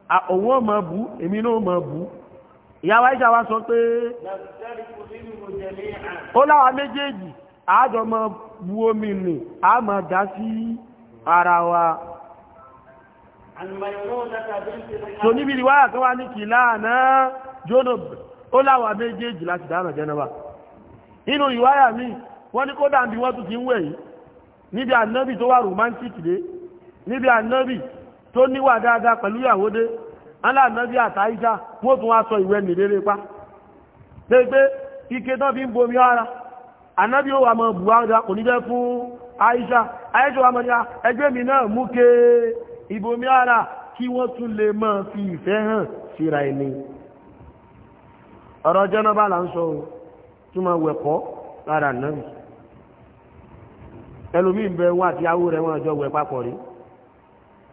òun ó máa bú èmi náà máa bú ìyàwó Àìṣà wá sọ pé ó láwà méjèèjì àádọ́ bu omi nì a máa dá sí ara wa tò níbi ìwáyà kan wá ní kìlá náà jónà ó láwà méjèèjì láti dáná jẹ́nàbà nínú ìwáyà mi wọ́n ní kódà bí wọ́n tún ti ń wẹ̀ yìí níbi tó tó níwà dáadáa pẹ̀lú ìyàwó dé aláànábí àtàíṣà wọ́n tún wá sọ ìwé nìrere pa ṣe pé ike tán fi ń bomi ara ànábí ó wà mọ buhari kò ní jẹ́ fún Aisha Aisha wà mọ ní ẹgbẹ́ mi náà mú ara kí wọ́n tún lè fi ìfẹ́ hàn ẹni ọ̀rọ̀ náà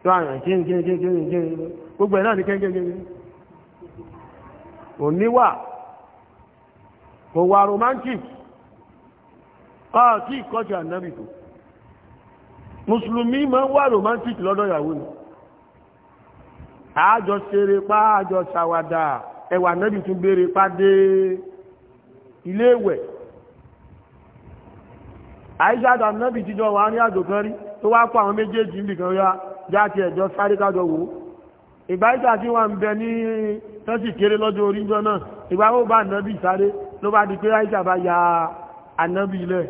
láàrin kínkínkínkínkín gbogbo ẹ̀ romantic káàkì ìkọ́jọ ànábì tó mùsùlùmí ń wà romantic lọ́dọ̀ ìyàwó ni àájọ ṣeré pa àájọ ṣàwàdà ẹwà ànábì tún pàdé ilé ìwẹ̀ àìṣàdà ànábì wà ní àjò kan rí tó wá àwọn játi ẹ̀jọ́ sáré kájọ wò ìgbáyíta tí wọ́n ń bẹ ní tọ́sì kéré lọ́jọ́ orí jọ náà ìgbáwó bá ànábì sáré ló bá di pé àìsà bá ya ànábì ilẹ̀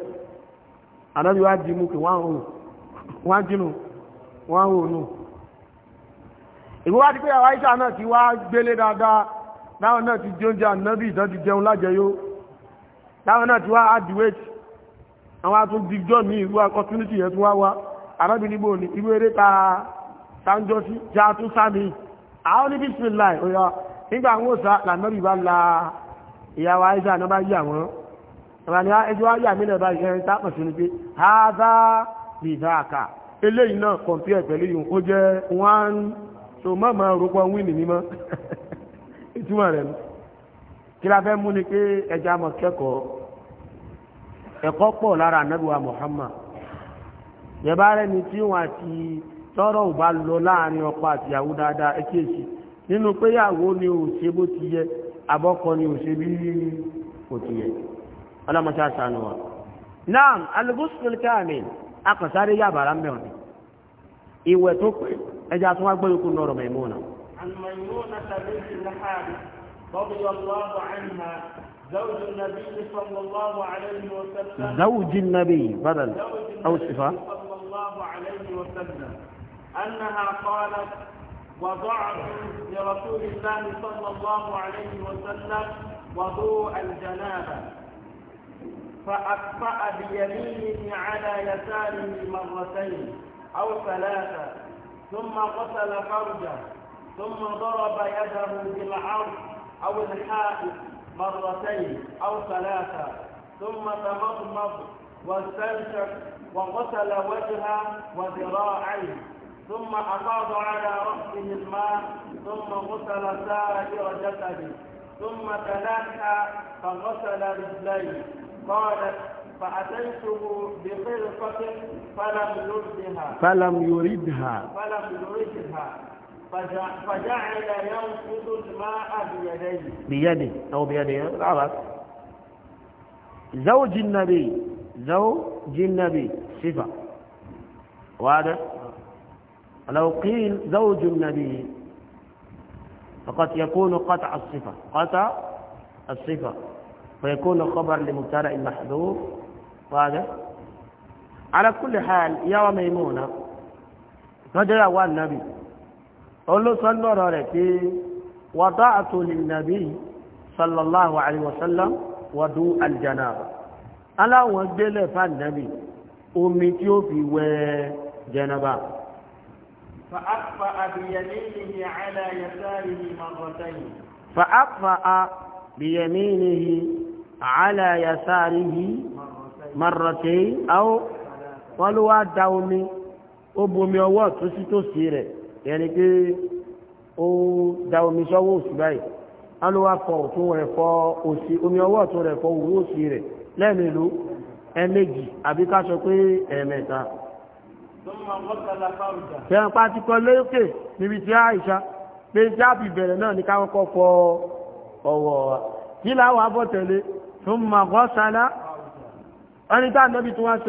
ànábì wá dìímú kí wọ́n jínú wọ́n hò nù ìgbówá ti pé àwáìsà náà ti wá gbélé dáadáa láwọn náà ti jóúnjẹ ànábì ìtàn ti jẹun lájẹyó láwọn náà ti wá adìwẹ́tì àwọn atúndíjọ́ mi ìlú opportunity yẹn tún wá wá arábìnrin bò ní irú eré ta táńjọ́ sí já tún sáàmì àwọn ní bísmìláì ọ̀yọ́ nígbà àwọn òsà lànàbì bá la ìyàwó àìsà náà bá yí àwọn ìrànlẹ́ ah, ẹjọ́ ayà mílẹ̀ bá ìrìn tápọ̀ sí ní pé haza bìdáàkà eléyìí náà kọ̀mpí ẹ̀ pẹ̀lú yìí ó jẹ́ wọ́n so mọ́mọ́ rúpọ̀ wíìnì mímọ́ la fẹ́ mú Muhammad yẹba rẹni tí wọ́n àti tọ́rọ̀ ò bá lọ láàrin ọkọ àtìyàwó dáadáa ẹ nínú pé yàwó ni ò ṣe bó ti yẹ abọ́kọ ni ò ṣe bí kò ti yẹ ọlọ́mọṣẹ́ àṣàánú wa náà alùbùsùn káàmì akọ̀sáré yàbàrá mẹ́rin ìwẹ̀ tó pé ẹja tó wá gbẹ́rù kún lọ́rọ̀ Maimuna. Al-Maimuna tàbí ìlú زوج النبي صلى الله عليه وسلم زوج النبي بدل أو صفة صلى الله عليه وسلم أنها قالت وضعت لرسول الله صلى الله عليه وسلم وضوء الجنابة فأكفأ بيمينه على يساره مرتين أو ثلاثة ثم غسل فرجه ثم ضرب يده بالعرض أو الحائط مرتين أو ثلاثة ثم تمضمض واستنشق وغسل وجهه وذراعيه ثم أفاض على رأسه الماء ثم غسل سائر جسده ثم تلاحى فغسل رجليه قالت فأتيته بخلقة فلم يردها فلم يردها فلم يردها فجعل ينفض الماء بيديه بيده أو بيده العرب زوج النبي زوج النبي صفة واضح لو قيل زوج النبي فقد يكون قطع الصفة قطع الصفة فيكون خبر لمبتدا محذوف واضح على كل حال يا ميمونة فجاء والنبي olóṣọ́lọ́rọ̀ rẹ̀ pé wada'tu lin-nabi sallallahu alayhi wa sallam wadu al-janaba aláwọn gbélé fàdínàbí omi tí ó fi wẹ jẹnaba فأطفأ بيمينه على يساره مرتين فأطفأ بيمينه على يساره مرتين أو ولو داومي أبومي أوتو سيتو سيره yẹn ni pé ó da omi sọ́wọ́ òsì báyìí alówá fọ ọ̀tún rẹ̀ fọ òsì omi ọwọ́ ọ̀tún rẹ̀ fọ òwú òsì rẹ̀ lẹ́ẹ̀mẹ́lú ẹ̀mẹ́jì àbí ká sọ pé ẹ̀mẹ́ta tẹ́wọ̀n pa ti kọ lókè níbi tí a ìṣá pé tí a fi bẹ̀rẹ̀ náà ṣe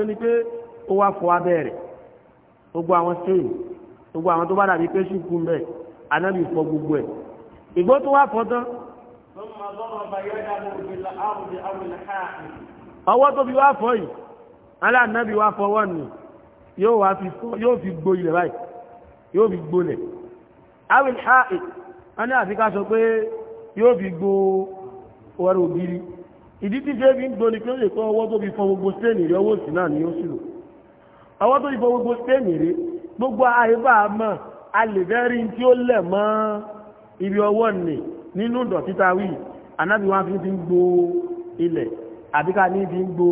ni pé ó wá fọ abẹ́ rẹ̀ gbogbo àwọn sẹ́yìn gbogbo àwọn tó bá dàbí pé ṣùkú ń bẹ̀ anábì fọ gbogbo ẹ̀ ìgbó tó wá fọ́ tán. ọwọ́ tó fi wá fọ́ yìí aláàbí wá fọwọ́ nù yóò wá fi fọ́ yóò fi gbo ilẹ̀ báyìí yóò fi gbolẹ̀ awil ha'i wọ́n ní àfi ká sọ pé yóò fi gbo ọ̀rọ̀ ògiri ìdí tí ṣe fi ń gboni pé ó lè kọ́ ọwọ́ tó fi fọ gbogbo stéènì rẹ̀ owó sí náà ni ó sì lò ọwọ́ tó fi fọ gbogbo stéènì rẹ̀ gbogbo àìbá àmọ́ a lè fẹ́rí tí ó lẹ̀ mọ́ ibi ọwọ́ nì nínú ìdọ̀tí ta wí anábì wọn fi ń gbo ilẹ̀ àbíká ní fi ń gbo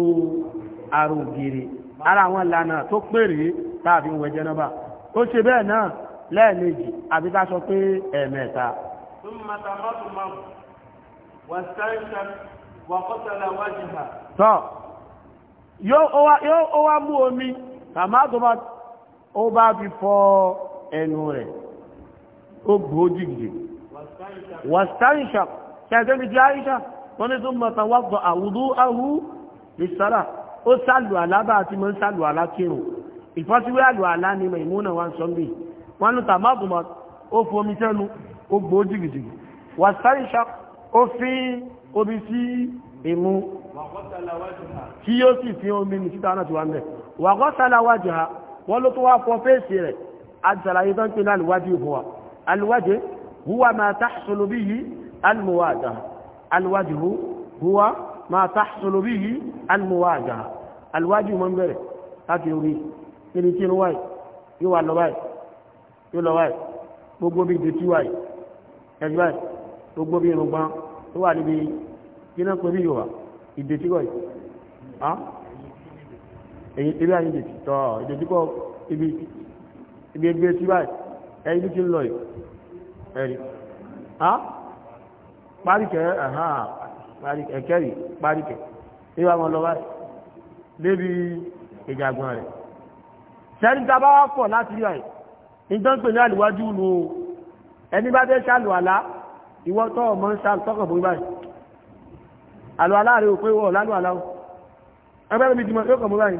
àrògèrè ara àwọn ìlànà tó pèrè tààfin wẹ̀ jẹ́nàbà ó ṣe bẹ́ẹ̀ náà lẹ́ẹ̀mejì àbíká sọ pé ẹ̀mẹ́ta yóò wá mú omi tàmátọ́mátọ́ ó bá fi fọ ẹnu rẹ̀ ó gbó jìgìjì wàstáìṣà ṣẹ́gbẹ́bí jẹ́ àìṣà wọ́n ní tó mọ̀ta wá gbọ́ àwùdó ahú ìsára ó sálù àlá bá àti mọ́ sálù àlá kírùn ìfọ́síwé àlù àlá ni Maimuna wá ń wọ́n ní tàbátùmọ̀ ó fomi sẹ́nu ó gbó jìgìjì wàstáìṣà ó fi omi sí imú tí yóò sì fi omi nìsítà náà ti wá ń bẹ̀ wàgọ́sálà wájú ha wọ́n ló tó wá fọ fèsì rẹ̀ àtàlàyé tó ń pè ní alùwájú ìhùn wa alùwájú huwa ma tahsulu bihi alùwájáha alùwájú huwa ma tahsulu bihi alùwájáha alùwájú mọ́ ń bẹ̀rẹ̀ láti orí níbi tí inú wáyé yóò wà lọ báyìí yóò lọ wáyé ẹ̀yìn eré ayé lè tọ́ ìdòjúkọ ibi ẹgbẹ́ sí báyìí ẹ̀yìn bí ti ń lọ yìí ẹ̀rí ha páríkẹ̀ ẹ̀há ẹ̀kẹ́rì páríkẹ̀ ìwà wọn lọ báyìí débi ìjàgbọ́n rẹ̀ sẹ́ni tá a bá wá pọ̀ láti rí àyè nítorí pé ní àlùwájú lu ẹni bá fẹ́ ṣàlù àlá ìwọ tọ́ ọmọ ń ṣàlù tọkàn fún báyìí àlù àlá rẹ̀ ò pé wọ́ọ̀ lálù àlá o ẹgbẹ́ mi ti mọ̀ yóò kàn mú báyìí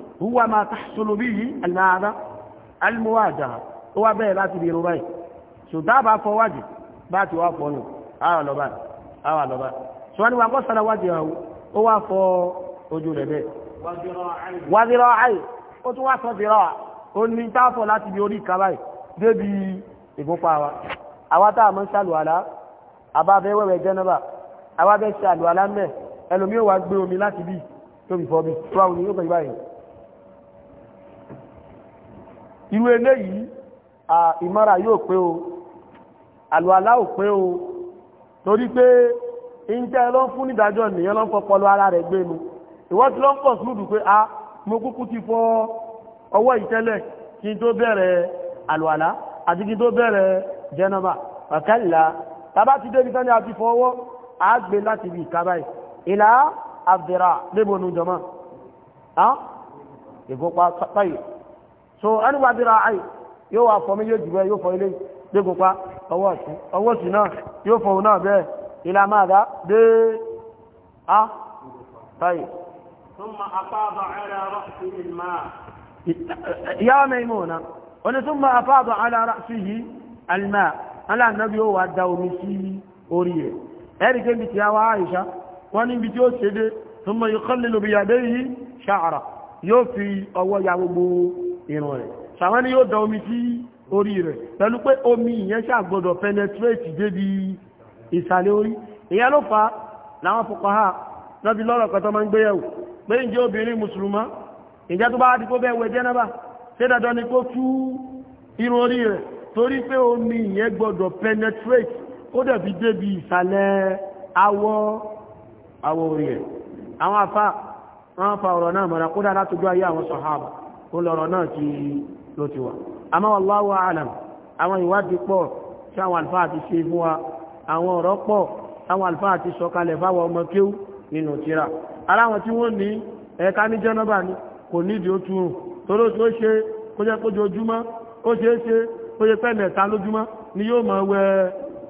هو ما تحصل به الماذا المواجهة هو بيه láti bí irú báyìí so dábàá fọ wájú bá ti wá fọ nù àwọn lọ́bà àwọn lọ́bà so wọ́n ni wà kọ́ sára wájú ẹ̀hún ó wá fọ ojú rẹ̀ bẹ́ẹ̀ wàzírọ̀ àì ó tún wá sọ dìrọ̀ ó ní táfọ̀ láti bí orí ìka báyìí débi ìgúnpá wa àwa tá a mọ́ sálù àlá àbáfẹ́ wẹ̀wẹ̀ jẹ́nàbà àwa fẹ́ sálù àlá mẹ́ ẹlòmí ò wá gbé omi láti bí tóbi fọ́ bí tó àwọn oníyókò ìbáyìí irú eléyìí ìmọ́ra yóò pé o àlùalá ò pé o torí pé ìjẹ́ ló ń fún nídàájọ́ nìyẹn ló ń fọpọlọ ara rẹ̀ gbé ìwọ́n ti ló pọ̀ súlùdù pé a ah, mo kúkú ti fọ ọwọ́ ìtẹ́lẹ̀ kí n tó bẹ̀rẹ̀ àlùalá àti kí n tó bẹ̀rẹ̀ jẹnaba ọ̀kẹ́lá tàbá ti débi tán ni a ti fọ ọwọ́ a gbé láti ibi ìkábá yìí ìlà àbdìrà lébònú jọmọ́ ah, so ẹni wà ra ayé yóò wà fọ méjèèjì bẹ́ẹ̀ yóò fọ ilé dégun pa ọwọ́ sí ọwọ́ sí náà naa fọ òun náà bẹ́ẹ̀ ilá a fi ya gbogbo irun rẹ̀ sàwọn ni yóò da omi sí orí rẹ̀ pẹ̀lú pé omi ìyẹn ṣàgbọ́dọ̀ penetrate débi ìsàlẹ̀ orí ìyẹn ló fa láwọn fuqaha lọ́bi lọ́rọ̀ kan ma ń gbé yẹ̀wò pé ìjẹ́ obìnrin mùsùlùmá ìjẹ́ tó bá ti kó kó ayé àwọn kó lọ́rọ̀ náà ti ló ti wà àmọ́ wallahu a'lam àwọn ìwádìí pọ̀ tí àwọn àlùfáà ti ṣe fún wa àwọn ọ̀rọ̀ pọ̀ àwọn àlùfáà ti sọ̀kalẹ̀ fáwọn ọmọ kéwú nínú tírà ara wọn tí wọ́n ní ẹ̀ka ní jẹ́nọ́bà ni kò nídìí ó túrùn torí ó ṣe kó jẹ́ kójú ojúmọ́ ó ṣe é ṣe kó ni yóò mọ̀ wẹ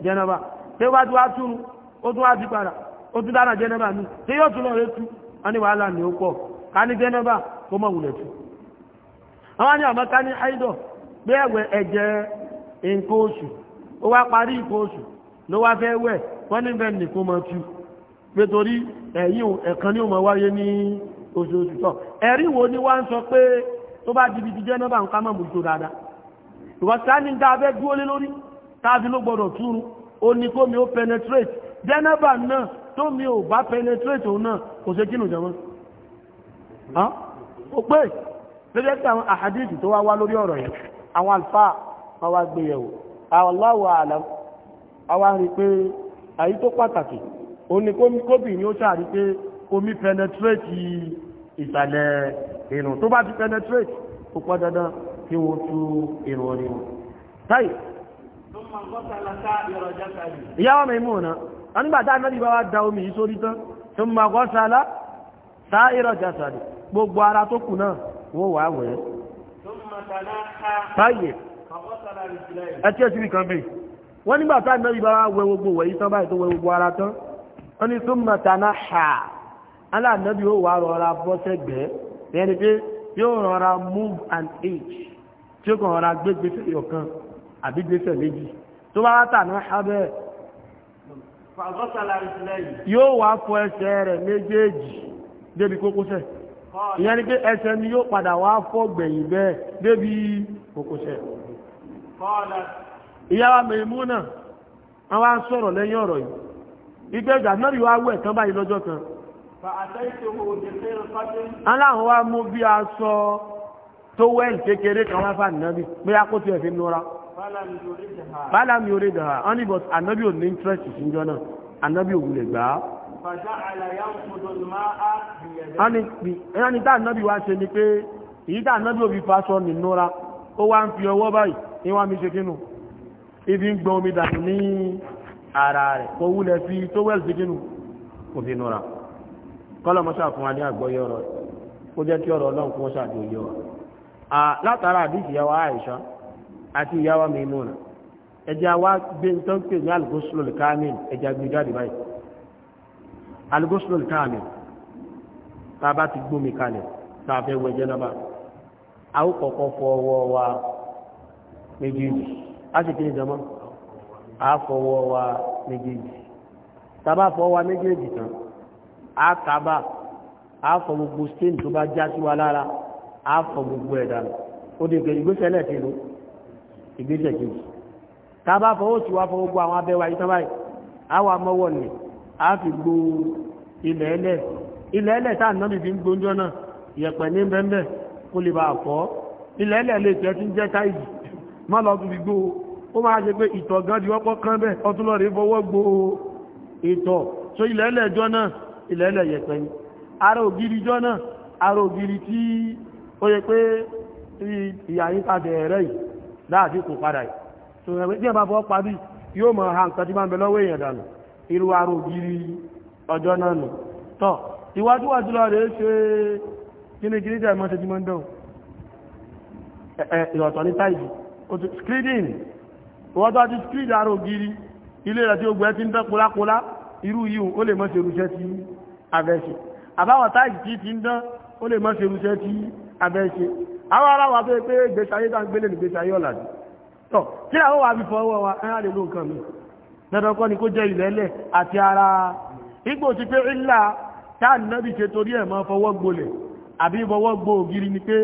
jẹ́nọ́bà tí ó bá tún ó ká ní jẹ́nọ́bà kó mọ̀ wùlẹ̀ tún àwọn ní ọmọ ká ní haidọ̀ pé ẹ̀wẹ̀ ẹ̀jẹ̀ nǹkan oṣù ó wá parí nǹkan oṣù ló wá fẹ́ wẹ̀ wọ́n níbẹ̀ nìkan mọ̀ tú pé torí ẹ̀yìn ẹ̀kan ní ó máa wáyé ní oṣooṣù tọ̀ ẹ̀rí wo ni wá ń sọ pé tó bá dìbì jíjẹ́ náà penetrate jẹ́nẹ́bà náà tó mi ò bá penetrate òun náà kò ṣe ó pé lọ́jọ́ pé àwọn àhàdíìtì tó wá wá lórí ọ̀rọ̀ yìí àwọn alfa wọn wá gbé yẹ̀wò Allahu a'lam àwa rí pé àyí tó pàtàkì ó ní kóbì ni ó ṣàrí pé omi penetrate ìsàlẹ̀ irun tó bá ti penetrate ó pọ́ dandan kí wọ́n tú irun orí wọn. táyì. ìyáwó mi mú ọ̀nà wọn nígbà tá àmẹ́lì bá da omi yìí tó máa wọ́n wà wẹ̀. báyìí ẹ tí ẹ síbi kan bẹ́ẹ̀ wọ́n nígbà tá ìnáwó ibà wá wẹ gbogbo wẹ̀yí tán báyìí tó wẹ gbogbo ara tán wọ́n ní tó mọ̀tàná ha aláàbẹ̀bí ó wà rọra bọ́ sẹ́gbẹ̀ẹ́ ìyẹn pé yóò rọra move and age tí ó kàn rọra gbé gbèsè ọ̀kan àbí gbèsè méjì tó bá wá tà náà ha bẹ́ẹ̀ yóò wá fọ ẹsẹ̀ rẹ̀ méjèèjì débi kókósẹ̀ ìyẹn ni pé ẹsẹ̀ ni yóò padà wá fọ́ gbẹ̀yìn bẹ́ẹ̀ débi kòkòṣẹ̀ ìyá wa Maimuna àwọn á sọ̀rọ̀ lẹ́yìn ọ̀rọ̀ yìí ìgbẹ́gbà náà yóò awọ́ ẹ̀kan báyìí lọ́jọ́ kan aláhùn wa mú bí a sọ tó wẹ́ẹ̀lì kékeré kan wá fà nàbí pé a kó tí ẹ̀ fi nura bálàmì orí dàá ọ́nìbọ̀t ànábì ò ní interest ìṣúnjọ́ náà ànábì òun lè gbà á ẹni tá nábi wá ṣe ni pé èyí tá nábi òbí fásọ nìnúra ó wá ń fi ọwọ́ báyìí ní wá mi ṣe kínú ibi ń gbọ́n omi dànù ní ara rẹ̀ kò wúlẹ̀ fi tó wẹ́l sí kínú kò fi núra kọ́lọ̀mọ́sà fún wa ní àgbọ́yé ọ̀rọ̀ kó jẹ́ kí ọ̀rọ̀ ọlọ́run kó ṣàjòyè wa látara àdíṣì yàwó àìṣá ní alùpùpù sùlùkámìn jáde báyìí algoslol káàmì tá a bá ti gbómi kalẹ̀ tá a fẹ́ wẹ̀ jẹ́nàbà a ó kọ́kọ́ fọ ọwọ́ wa méjèèjì a sì kí ni jẹmọ́ a fọwọ́ wa méjèèjì tá a bá fọwọ́ wa méjèèjì tán a kábà a fọ gbogbo stain tó bá já sí wa lára a fọ gbogbo ẹ̀dá ó di ìgbésẹ̀ lẹ́ẹ̀kẹ́ ló ìgbésẹ̀ kejì tá bá fọwọ́ sí wa fọ gbogbo àwọn abẹ́wà yìí tán báyìí a wà mọ́wọ́ nìyẹn a fi gbo ilẹ̀ ẹlẹ̀ ilẹ̀ ẹlẹ̀ tá ànábì fi ń gbóúnjọ́ náà yẹ̀pẹ̀ ní bẹ́ẹ̀ kó lè bá fọ́ ilẹ̀ lè tẹ́ tí ń jẹ́ táìsì má lọ fi ó máa pé ìtọ̀ gan di wọ́pọ̀ bẹ́ lọ so yóò mọ̀ ha nǹkan tí máa ń bẹ lọ́wọ́ èèyàn dànù irú arò gírí ọjọ́ náà nù tọ́ ìwájúwájú lọ rẹ̀ ṣe kíní kíní jẹ́ mọ́ tẹ́jú mọ́ndọ̀ ìrọ̀tọ̀ ní táìdì screening wọ́n tó ti screen arò gírí ilé rẹ̀ tí ó gbẹ́ tí ń dán kólákólá irú yìí ó lè mọ́ ṣe irúṣẹ́ tí abẹ́ṣe àbáwọ̀ táìdì tí ti ń dán ó lè mọ́ ṣe irúṣẹ́ tí abẹ́ṣe àwọn ará wa tó pé gbèsè ayé tá dandankọ́ ni kó jẹ́ ilẹ̀lẹ̀ àti ara igbó ti pé ńlá táàdì náà ṣe torí ẹ̀mọ́ fọwọ́ gbolẹ̀ àbí fọwọ́ gbo ògiri ni pé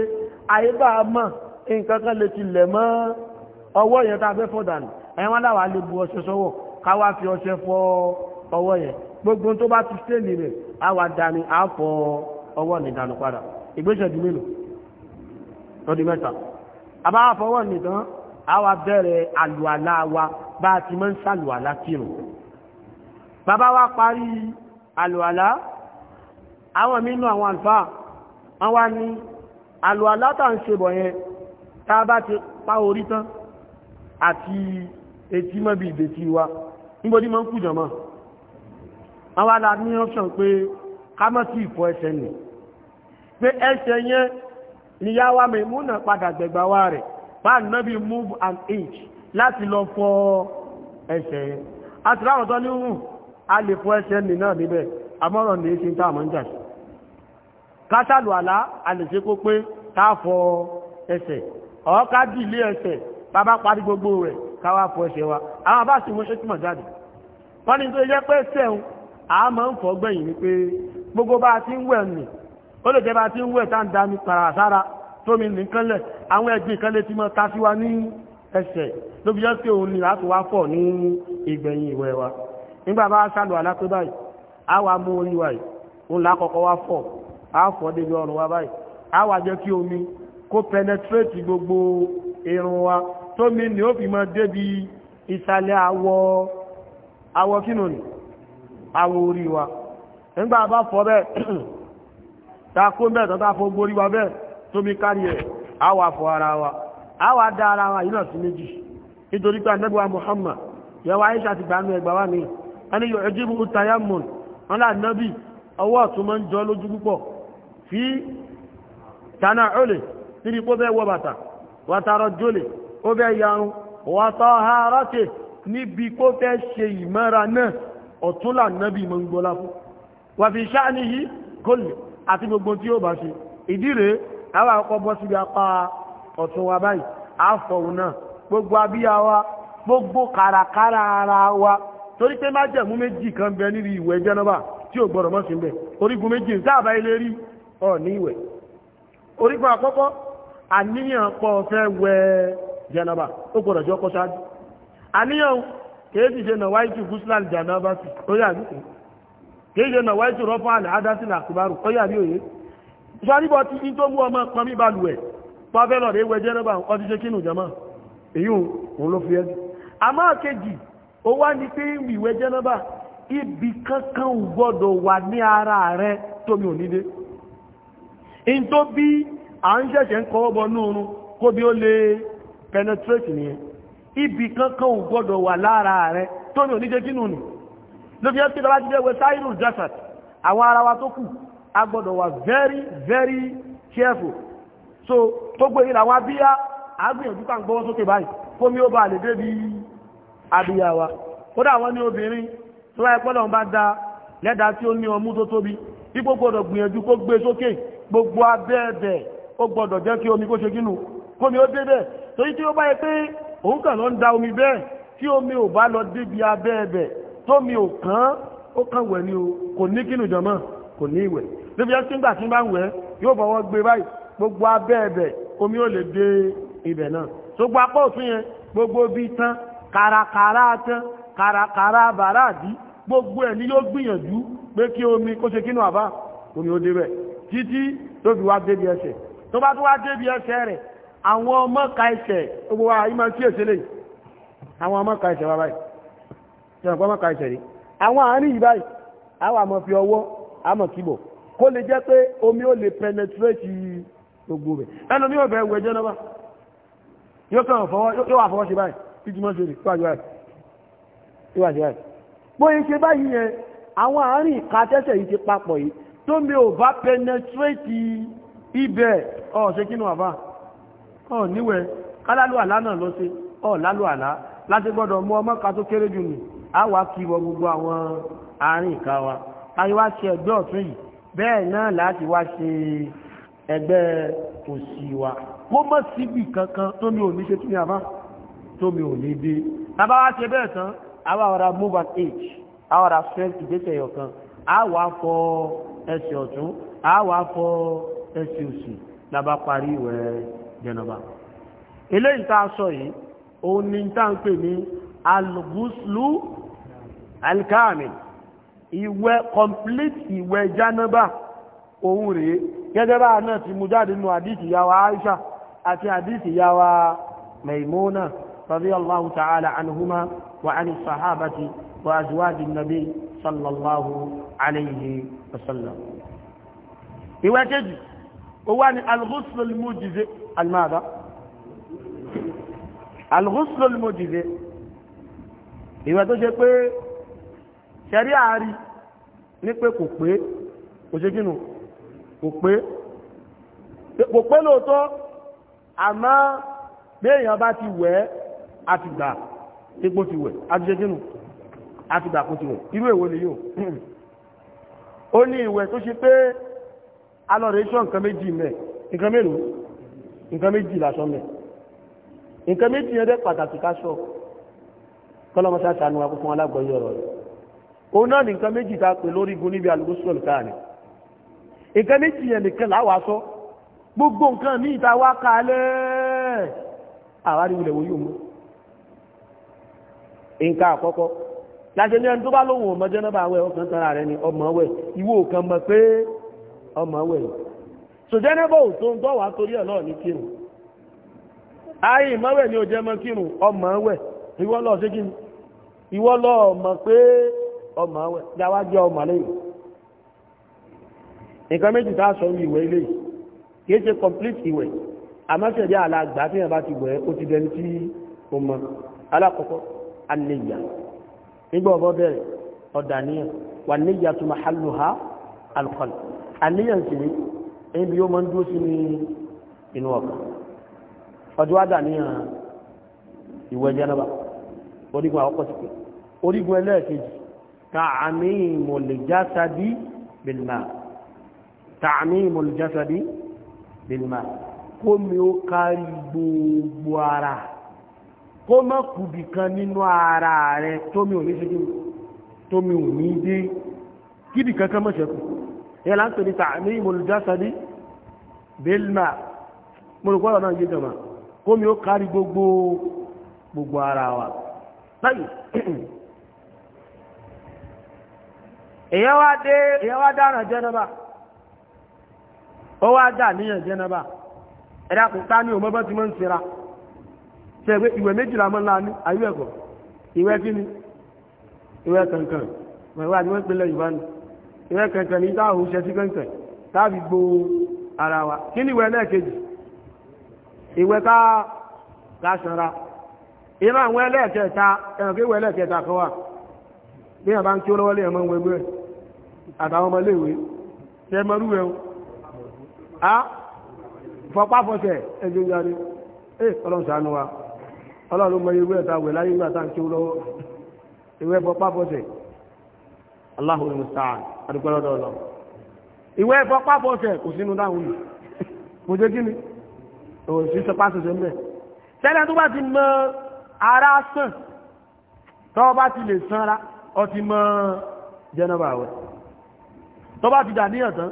àyíbá mọ̀ nǹkan kan lè ti lẹ̀ mọ́ ọwọ́ yẹn tá a fẹ́ fọ̀dà nù ẹ̀yẹn wọn láwàá lè bu ọṣẹ sọ́wọ́ káwá fi ọṣẹ fọ ọwọ́ yẹn gbogbo tó bá ti stéèlì rẹ̀ á wà dání á fọ ọwọ́ ní ìdànù padà bẹ̀rẹ̀ àlùalá wa bá a ti máa ń sàlùwàlá kírun bàbá wa parí àlùwàlá àwọn mínú àwọn àlùfáà wọ́n wá ní àlùwàlá tàà ń ṣe bọ̀ yẹn tá a bá ti pa orí tán àti etí mọ́ bí ìbètí wa nígbòdí mọ́ ń kù jọmọ́ àwọn aláàmì option pé ká move an inch láti lọ fọ ẹsẹ̀ yẹn a ti ráwọn tán ní hùn a lè fọ ẹsẹ̀ nì náà níbẹ̀ amọ́rọ̀ ní ṣe tá àmọ́ ń jà sí kásàlù àlá a lè ṣe kó pé ká fọ ẹsẹ̀ ọ̀ọ́ká dì ilé ẹsẹ̀ bàbá parí gbogbo rẹ̀ ká wá fọ ẹsẹ̀ wa àwọn bá sì mú ṣe túmọ̀ jáde wọ́n ní tó ẹsẹ̀ ló fi jẹ́ pé òun ni láti wá ní ìgbẹ̀yìn ìwẹ̀ wa nígbà bá alápé báyìí a wá mú orí yìí òun lákọ̀ọ́kọ́ wá fọ̀ a fọ̀ débi ọrùn wa báyìí a jẹ́ kí omi kó penetrate gbogbo irun wa tómi ni ó fi mọ débi ìsàlẹ̀ awọ awọ kínú ni awọ orí wa nígbà bá fọ̀ bẹ́ẹ̀ <clears throat> ta kó bẹ́ẹ̀ tó bá gbórí wa bẹ́ẹ̀ tómi kárí ẹ̀ a a wà dá ara wa yínà sí méjì nítorí pé Muhammad yẹwà Aisha ti gbà nú ẹgbà wà ní ẹni yóò ẹjí bú tayammum wọn là ọwọ́ ń jọ lójú púpọ̀ fi tana ọlẹ̀ níbi pó bẹ́ wọ bàtà wàtàrọ̀ jólè ó bẹ́ yarun wàtọ̀ níbi fẹ́ ṣe ìmọ́ra náà ọ̀tún wa báyìí àfọ̀hùn náà gbogbo abíyá wa gbogbo kàràkàrà ara wa torí pé má jẹ̀mú méjì kan bẹ níbi ìwẹ̀ jẹ́nàbà tí ò gbọ́dọ̀ mọ́ sí ń bẹ̀ orígun méjì ń sáàbá ilé rí ọ̀ ní ìwẹ̀ orígun àkọ́kọ́ àníyàn pọ̀ fẹ́ wẹ jẹ́nàbà ó gbọ́dọ̀ jọ kọ́ ṣáájú àníyàn kéèdì ṣe nà wáyé gúúsùlá jẹ́nàbà sí lórí àdúgbò kéèdì ṣe nà wáyé rọ́fún àlẹ́ adásílà àkùbárù ó ní òye tọ́fẹ́ lọ́dẹ̀ ìwẹ̀ jẹ́nàbà ọdí kínú jama èyí òun ló fi ẹ́ a máa kejì ó wá ní pé ibi kankan gbọ́dọ̀ wà ní ara rẹ tómi ò in tó bí a ń ṣẹ̀ṣẹ̀ ń kó bí penetrate ibi kankan gbọ́dọ̀ wà lára rẹ tómi ò kínú ló fi ẹ́ ti so gbogbo yìí làwọn abíyá àgbìyànjú kà ń gbọ́wọ́ sókè báyìí fómi ó bá lè débi abíyá wa kódà wọ́n ní obìnrin tó wáyé pọ́lọ̀ bá da lẹ́dàá tí ó ní ọmú tó tóbi ipò gbọdọ̀ gbìyànjú kó gbé sókè gbogbo abẹ́ẹ̀bẹ̀ ó gbọdọ̀ jẹ́ kí omi kó ṣe kínú kómi ó débẹ̀ torí tí ó báyé pé òun kàn lọ ń da omi bẹ́ẹ̀ tí omi ò bá lọ débi abẹ́ẹ̀bẹ̀ tómi ò kán ó kàn wẹ̀ ni o kò ní kínú jọmọ́ kò ní ìwẹ̀ níbi ẹ́ sígbà tí bá ń wẹ̀ yóò bọ̀wọ́ gbé báyìí gbogbo abẹ́ẹ̀bẹ̀ omi ò lè dé ibẹ̀ náà gbogbo apá òtún yẹn gbogbo bí tán kàràkàrà tán kàràkàrà bàrà àdí gbogbo ẹ̀ ni yóò gbìyànjú pé kí omi kó ṣe kínú àbá omi ó débẹ̀ títí tó fi wá débi ẹsẹ̀ tó bá tó wá débi ẹsẹ̀ rẹ̀ àwọn ọmọ ka ẹsẹ̀ gbogbo wa yìí máa ń kíyèsí lè àwọn ọmọ ka ẹsẹ̀ wa báyìí ṣe ọ̀pọ̀ ọmọ ka ẹsẹ̀ rí àwọn àárín yìí báyìí àwọn àmọ̀ fi ọwọ́ àmọ̀ kíbọ̀ kó lè jẹ́ pé omi ó lè penetrate gbogbo rẹ̀ ẹnu ní ọ̀bẹ̀ ẹwẹ̀ jẹ́nàbà yóò kàn fọwọ́ yóò wà fọwọ́ ṣe báyìí tí jùmọ́ ṣe rẹ̀ wà ṣe báyìí bóyí ṣe báyìí yẹn àwọn àárín ìkàtẹ́sẹ̀ yìí ti papọ̀ yìí tó mi ò bá penetrate ibẹ̀ ọ̀ ṣe kínú àbá ọ̀ níwẹ̀ kálálù àlá náà lọ sí ọ̀ lálù àlá láti gbọ́dọ̀ mú ọmọ ká tó kéré jù nù á wá kí wọ gbogbo àwọn àárín ìka wa a yí wá ṣe ẹgbẹ́ ọ̀tún yìí bẹ́ẹ̀ náà láti wá ṣe ẹgbẹ́ òsì wa kó mọ́ síbì kankan tó mi ò ní ṣe tí ní àbá tó mi ò ní dé bàbá wá ṣe bẹ́ẹ̀ tán àwọn àwọ̀dà move at age àwọ̀dà strength ìgbésẹ̀ ọ̀kan àwọ̀ afọ ẹsẹ̀ ọ̀tún àwọ̀ afọ ẹsẹ̀ òsì lábá parí ìwẹ̀ jẹnàbà eléyìí tá a sọ yìí òun ni tá à ń pè ní alghuslu alkamil ìwẹ̀ complete ìwẹ̀ jánàbà òun rèé gẹ́gẹ́ bá náà ti mú jáde nínú àdíìsì yàwó Aisha àti àdíìsì yàwó Maimuna radiyallahu ta'ala anhuma wa ani sahabati wa azwaji nabi sallallahu alayhi wa sallam ìwé kejì ó wá ní al-ghusl al-mujizi al-mada al-ghusl al-mujizi ìwé tó ṣe pé ṣẹ̀rí àárí ní pé kò pé kò pé lóòótọ́ àmọ́ bí èèyàn bá ti wẹ̀ àti gbà epo ti wẹ̀ àti ṣe kínú àti gbà kó ti wẹ̀ irú èwo ni yóò ó ní ìwẹ̀ tó ṣe pé alọ́rẹ̀ṣọ́ nǹkan méjì mẹ́ nǹkan mélòó nǹkan méjì lásọ mẹ́ nǹkan méjì yẹn dẹ́ pàtàkì káṣọ kọ́lọ́mọṣáṣà ni wọn kó fún alágbọ̀yé ọ̀rọ̀ rẹ̀ òun náà nìkan méjì ta pè lórí gun níbi alùpùpù sọ̀rọ̀ káà ni nǹkan méjì yẹn nìkan láwà sọ gbogbo nǹkan ní ìta wá kalẹ̀ àwárí ilẹ̀ wo yóò mú nǹkan àkọ́kọ́ láti ní ẹni tó bá lóhùn ọmọ jẹ́nàbà awẹ́ ọkàn tara rẹ ni ọmọ awẹ́ ìwọ kan mọ̀ pé ọmọ awẹ́ so jẹ́nàbà ò tó ń tọ́wà torí ẹ̀ lọ́ọ̀ ní kírun ayé ìmọ̀wẹ̀ ni ò jẹ́ mọ́ kírun ọmọ awẹ́ ìwọ lọ́ọ̀ sí kírun ìwọ lọ́ọ̀ mọ̀ pé ọmọ awẹ́ jáwá jẹ́ ọmọ lẹ́yìn nǹkan méjì tá a sọ ìwẹ̀ ilé kìí ṣe complete ìwẹ̀ àmọ́sẹ̀dí àlàgbà tí yẹn bá ti wẹ̀ ó ti dẹni tí ó mọ alákọ̀ọ́kọ́ aníyà nígbà ọ̀bọ̀ bẹ̀rẹ̀ ọ̀dàníyàn wà níyà tó máa hálù ha alùpàlù àníyàn sì ni ẹni yóò máa ń dúró sí ní inú ọkà ọjọ́ àdàníyàn ìwẹ̀ jẹ́nàbà orígun àkọ́kọ́ sí orígun ẹlẹ́ẹ̀kejì ka àmì ìmọ̀lẹ̀jásádì bìlmáà tààmìmù jásàdì bìlmà kómi ó kárí gbogbo ara kó mọ́ kùbì kan nínú ara rẹ tómi ò ní ṣíkí tómi ò ní dé kíbì kankan mọ́ ṣẹ̀kù ẹ là ń pè ní tààmìmù jásàdì bìlmà mọ̀lùkọ́lọ̀ náà yíjọ mà kómi ó kárí gbogbo gbogbo ara wa báyìí èyàn <clears throat> wá dé èyàn wá dáràn jẹ́ náà ó wá dà níyàn jẹ́nàbà ẹ̀dá kò tá ní òmọ́bọ́ tí wọ́n ń sera ṣe pé ìwẹ̀ méjìlá mọ́ ńlá ní ayé ẹ̀kọ́ ìwẹ̀ kí ni ìwẹ̀ kankan wẹ̀wà ni wọ́n pè lẹ́yìn bá ní ìwẹ̀ kankan ní táwọn oṣẹ́ sí kankan táàbí gbo ara wa kí ni ìwẹ̀ ẹlẹ́ẹ̀kejì ìwẹ̀ ká ká sanra ìran àwọn ẹlẹ́ẹ̀kẹta ẹ̀rọ kí ìwẹ̀ ẹlẹ́ẹ̀kẹta kan wà bí wọn ń kí ó lọ́wọ́ lé ẹ̀mọ́ ìwẹ̀ gbé àtàwọn ọmọ iléèwé ṣe mọ́rú rẹ̀ a fọpáfọsẹ̀ ẹjọ́ yarí ẹ ọlọ́run ṣàánú wa ọlọ́run mọ ewé ẹ̀ta wẹ̀ láyé nígbà tá à ń tó lọ́wọ́ ewé fọpáfọsẹ̀ aláhùn mùsàán àdúgbò lọ́dọ̀ ọlọ́ ìwé fọpáfọsẹ̀ kò sínú dáhùn yìí kò jẹ́ kí ni òsì sọpásọsẹ̀ ń bẹ̀ tẹ́lẹ̀ tó bá ti mọ ara sàn tọ́ bá ti lè sanra ọ ti mọ jẹ́nàbà wẹ̀ tọ́ bá ti dà níyàn tán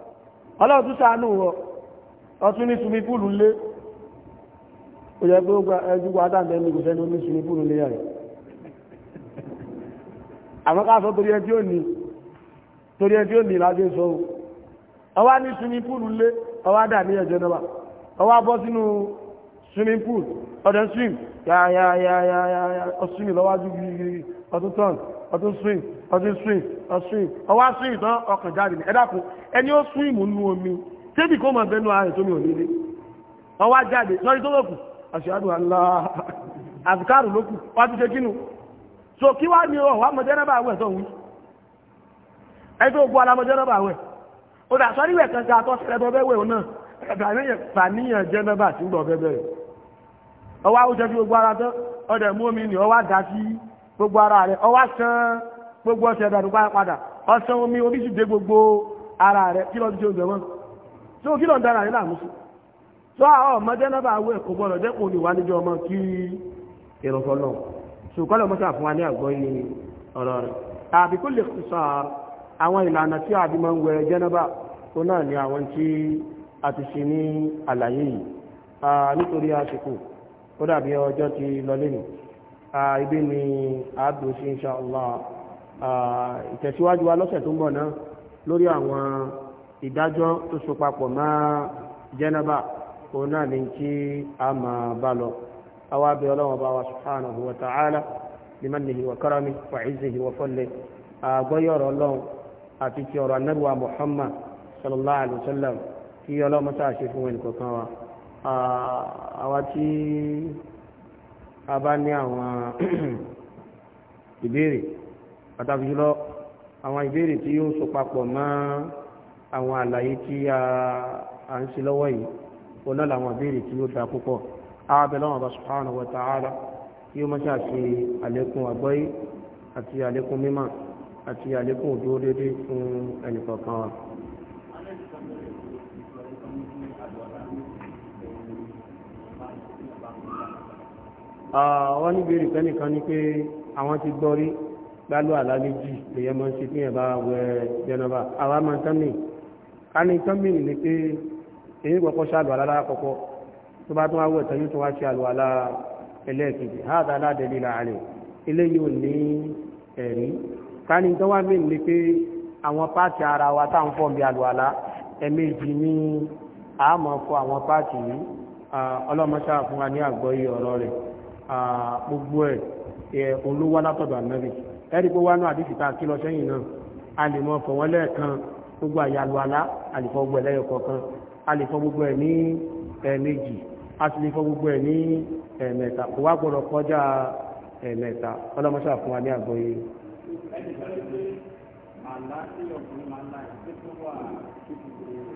ọlọ́run tún ṣàánú wọ ọtún ní sumi lé ó yẹ pé ó gba ẹjú wa ní ní lé sọ torí ẹ tí ní torí sọ o ọwá ní sumi púùlù lé ọwá dà ní náà ọwá bọ́ sínú ọdún swim ọdún swim ọswim ọwá swim tán ọkàn jáde ní ẹ̀dàkùn ẹni ó swim nú omi tébì kó mọ̀ bẹnu ààrẹ tó mi ò nílé ọwá jáde sọ́rí tó lókù àṣíwádù aláà àfikàrù lókù wá ti ṣe kínú so kí wá ní ọwá mọ̀jẹ́rẹ́bà wẹ̀ tó wí ẹni tó gbọ́ alamọ̀jẹ́rẹ́bà wẹ̀ ó dà sọ́rí wẹ̀ kan gàtọ́ sẹ́lẹ̀ tó bẹ́ wẹ̀ náà fàníyàn jẹ́rẹ́bà tí ń gbọ̀ bẹ́ẹ̀ bẹ́ẹ̀ ọwá ó jẹ́ fi gbogbo ara tán ọdẹ̀ mú omi ni ọwá dá sí gbogbo ara rẹ̀ ọwá sán gbogbo ọ̀sẹ̀ ẹ̀dà nípa padà ọ̀sán omi omi sì dé gbogbo ara rẹ̀ kí lọ sí oúnjẹ wọn tó kí lọ ń dára rẹ̀ láàmú sí tó àwọn ọmọdé náà bá wẹ̀ kò gbọdọ̀ jẹ́ kò lè wá níjọ ọmọ kí ìrọ̀sọ náà so kọ́lọ̀ mọ́sá fún wa ní àgbọ́ yìí ọ̀rọ̀ rẹ̀ àbí kó lè sọ àwọn ìlànà tí àbí máa ń wẹ̀ jẹ́nàbà tó náà ní àwọn tí a ti ṣe ní àlàyé yìí nítorí àsìkò ó dàbí ọjọ́ ti lọ lẹ́nu Ah, ibi ni àádùsí inṣàlá ah, ìtẹ̀síwájú wa lọ́sẹ̀ tó ń bọ̀ náà lórí àwọn ìdájọ́ tó so papọ̀ mọ́ jẹ́nàbà òun náà ní kí a máa bá lọ àwa bí ọlọ́wọ́n bá wa subhanahu wa ta'ala bimanihi wa karami wa izzihi wa fadli àgbọ́yọ̀rọ̀ ọlọ́run àti ti ọ̀rọ̀ anábíwá muhammad sallallahu alaihi wasallam kí ọlọ́mọ́sá ṣe fún ẹnì kọ̀ọ̀kan wa ah, àwa tí a bá ní àwọn <clears throat> ìbéèrè pàtàkì jùlọ àwọn ìbéèrè tí yóò so papọ̀ mọ́ àwọn àlàyé tí a ń ṣe lọ́wọ́ yìí ó náà làwọn ìbéèrè tí yóò da púpọ̀ ààbẹ̀lọ́wọ̀n bá subhanahu wa ta'ala yóò mọ́ ṣàṣe àlékún àgbọ́yé àti àlékún mímọ̀ àti àlékún òdúró déédéé fún ẹnìkọ̀ọ̀kan wa Ah, wọ́n níbi ìrìkẹ́ nìkan ni pé àwọn ti gbọ́ rí gbálù àláméjì lèyẹ mọ́ sí fíyàn bá wẹ jẹnọba àwa máa tán mì ká ní tán mì ní pé èyí kọ́kọ́ ṣàlù àlálá kọ́kọ́ tó bá tún wá wẹ̀ tán yóò tún wá ṣe àlù àlá ẹlẹ́ẹ̀kejì háàdá aládẹ́lẹ́ láàrin eléyìí ò ní ẹ̀rí ká ní tán wá mì ní pé àwọn páàtì ara wa tá à bí àlù àlá ẹ̀mẹ́jì ní àmọ́ fọ àwọn páàtì yìí ah, ọlọ́mọṣáà fún wa ní àgbọ́yé ọ̀rọ̀ rẹ̀ gbogbo ẹ̀ olówó látọ̀dọ̀ ànábì ẹ̀rí pé wánú àdìsí tá a kí lọ sẹ́yìn náà a lè mọ fọ̀ wọ́n lẹ́ẹ̀kan gbogbo àyàlù àlá a lè gbogbo ẹ̀ kọ̀ọ̀kan a lè fọ gbogbo ẹ̀ ní ẹ̀ẹ̀mejì a sì lè fọ gbogbo ẹ̀ ní ẹ̀ẹ̀mẹ́ta kò wá gbọ́dọ̀ kọjá ẹ̀ẹ̀mẹ́ta ọlọ́mọṣà fún wa ní àgbọ́yé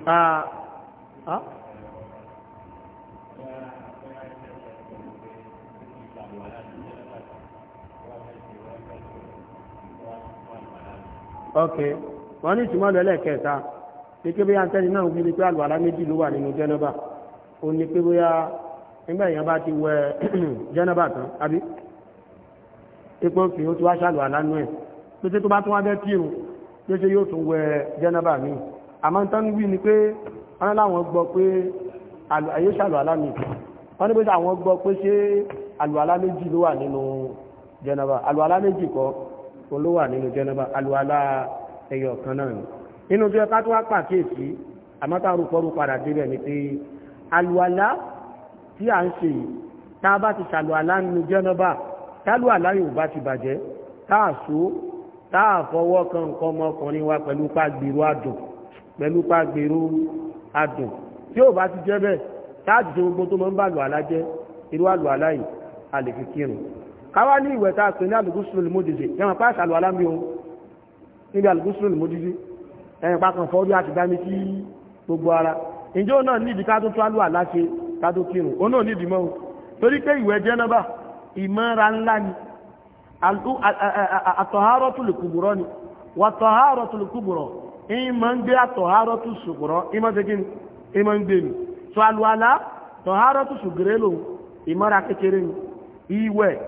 Ah, ah. ok wọ́n ní ìtumọ̀ lọ́lẹ̀ kẹta ní pé bóyá tẹ́lẹ̀ náà wí ni pé àlùwàlá méjì ló wà nínú jẹ́nọ́bà ó ní pé bóyá nígbà èèyàn bá ti wẹ jẹ́nọ́bà <clears throat> tán àbí epo fi ó ti wá ṣàlùwàlá nú ẹ̀ tó ṣe tó bá tún wá bẹ́ kírun tó ṣe yóò tún wẹ jẹ́nọ́bà míì àmọ́ tán wí ni pé wọ́n láwọn gbọ́ pé àyè ṣàlùwàlá míì wọ́n ní pé àwọn gbọ́ pé ṣé àlùwàlá méjì ló wà nínú jẹ́nọ́bà àlùwàlá méjì kọ́ olówà nínú jẹ́nàbà alùwàlá ẹyọ kan náà nínú bí ọká tó wá pàkíyèsí àmọ́tàrúkọrú padà débẹ̀ ni pé alùwàlá tí a ń ṣe tá a bá ti ṣàlùwàlá nínú jẹ́nàbà tálùwàlá yóò bá ti bàjẹ́ táàṣó táàfọwọ́ kan nǹkan ọmọkùnrin wa pẹ̀lú pàgbèrú àdùn pẹ̀lú pàgbèrú àdùn tí ó bá ti jẹ́ bẹ́ẹ̀ táàjì tó gbogbo tó mọ́ ń bá lù àlá jẹ́ irú àlù yìí a lè fi kírun káwá ní ìwẹ̀ tá a pè ní àlùgúsùlù lè mójìdì ẹ̀wọ̀n pa àṣàlù alámi o níbi àlùgúsùlù lè mójìdì ẹ̀yìn pa kan fọ́rí àti dámi sí gbogbo ara ìjọ náà nídi ká tó tálù àláṣe ká kírun ó náà nídi mọ́ torí pé ìwẹ̀ jẹ́nàbà ìmọ́ra ńlá ni àtọ̀hárọ́tù lè kùbùrọ́ ni wà tọ̀hárọ́tù lè kùbùrọ́ ìmọ̀ ń gbé àtọ̀hárọ́tù ṣùgbùrọ́ ìmọ̀ ṣe kíni ìmọ̀ ń gbé mi tó àlùwàlá tọ̀hárọ́tù ṣùgbùrẹ́ lòun ìmọ́ra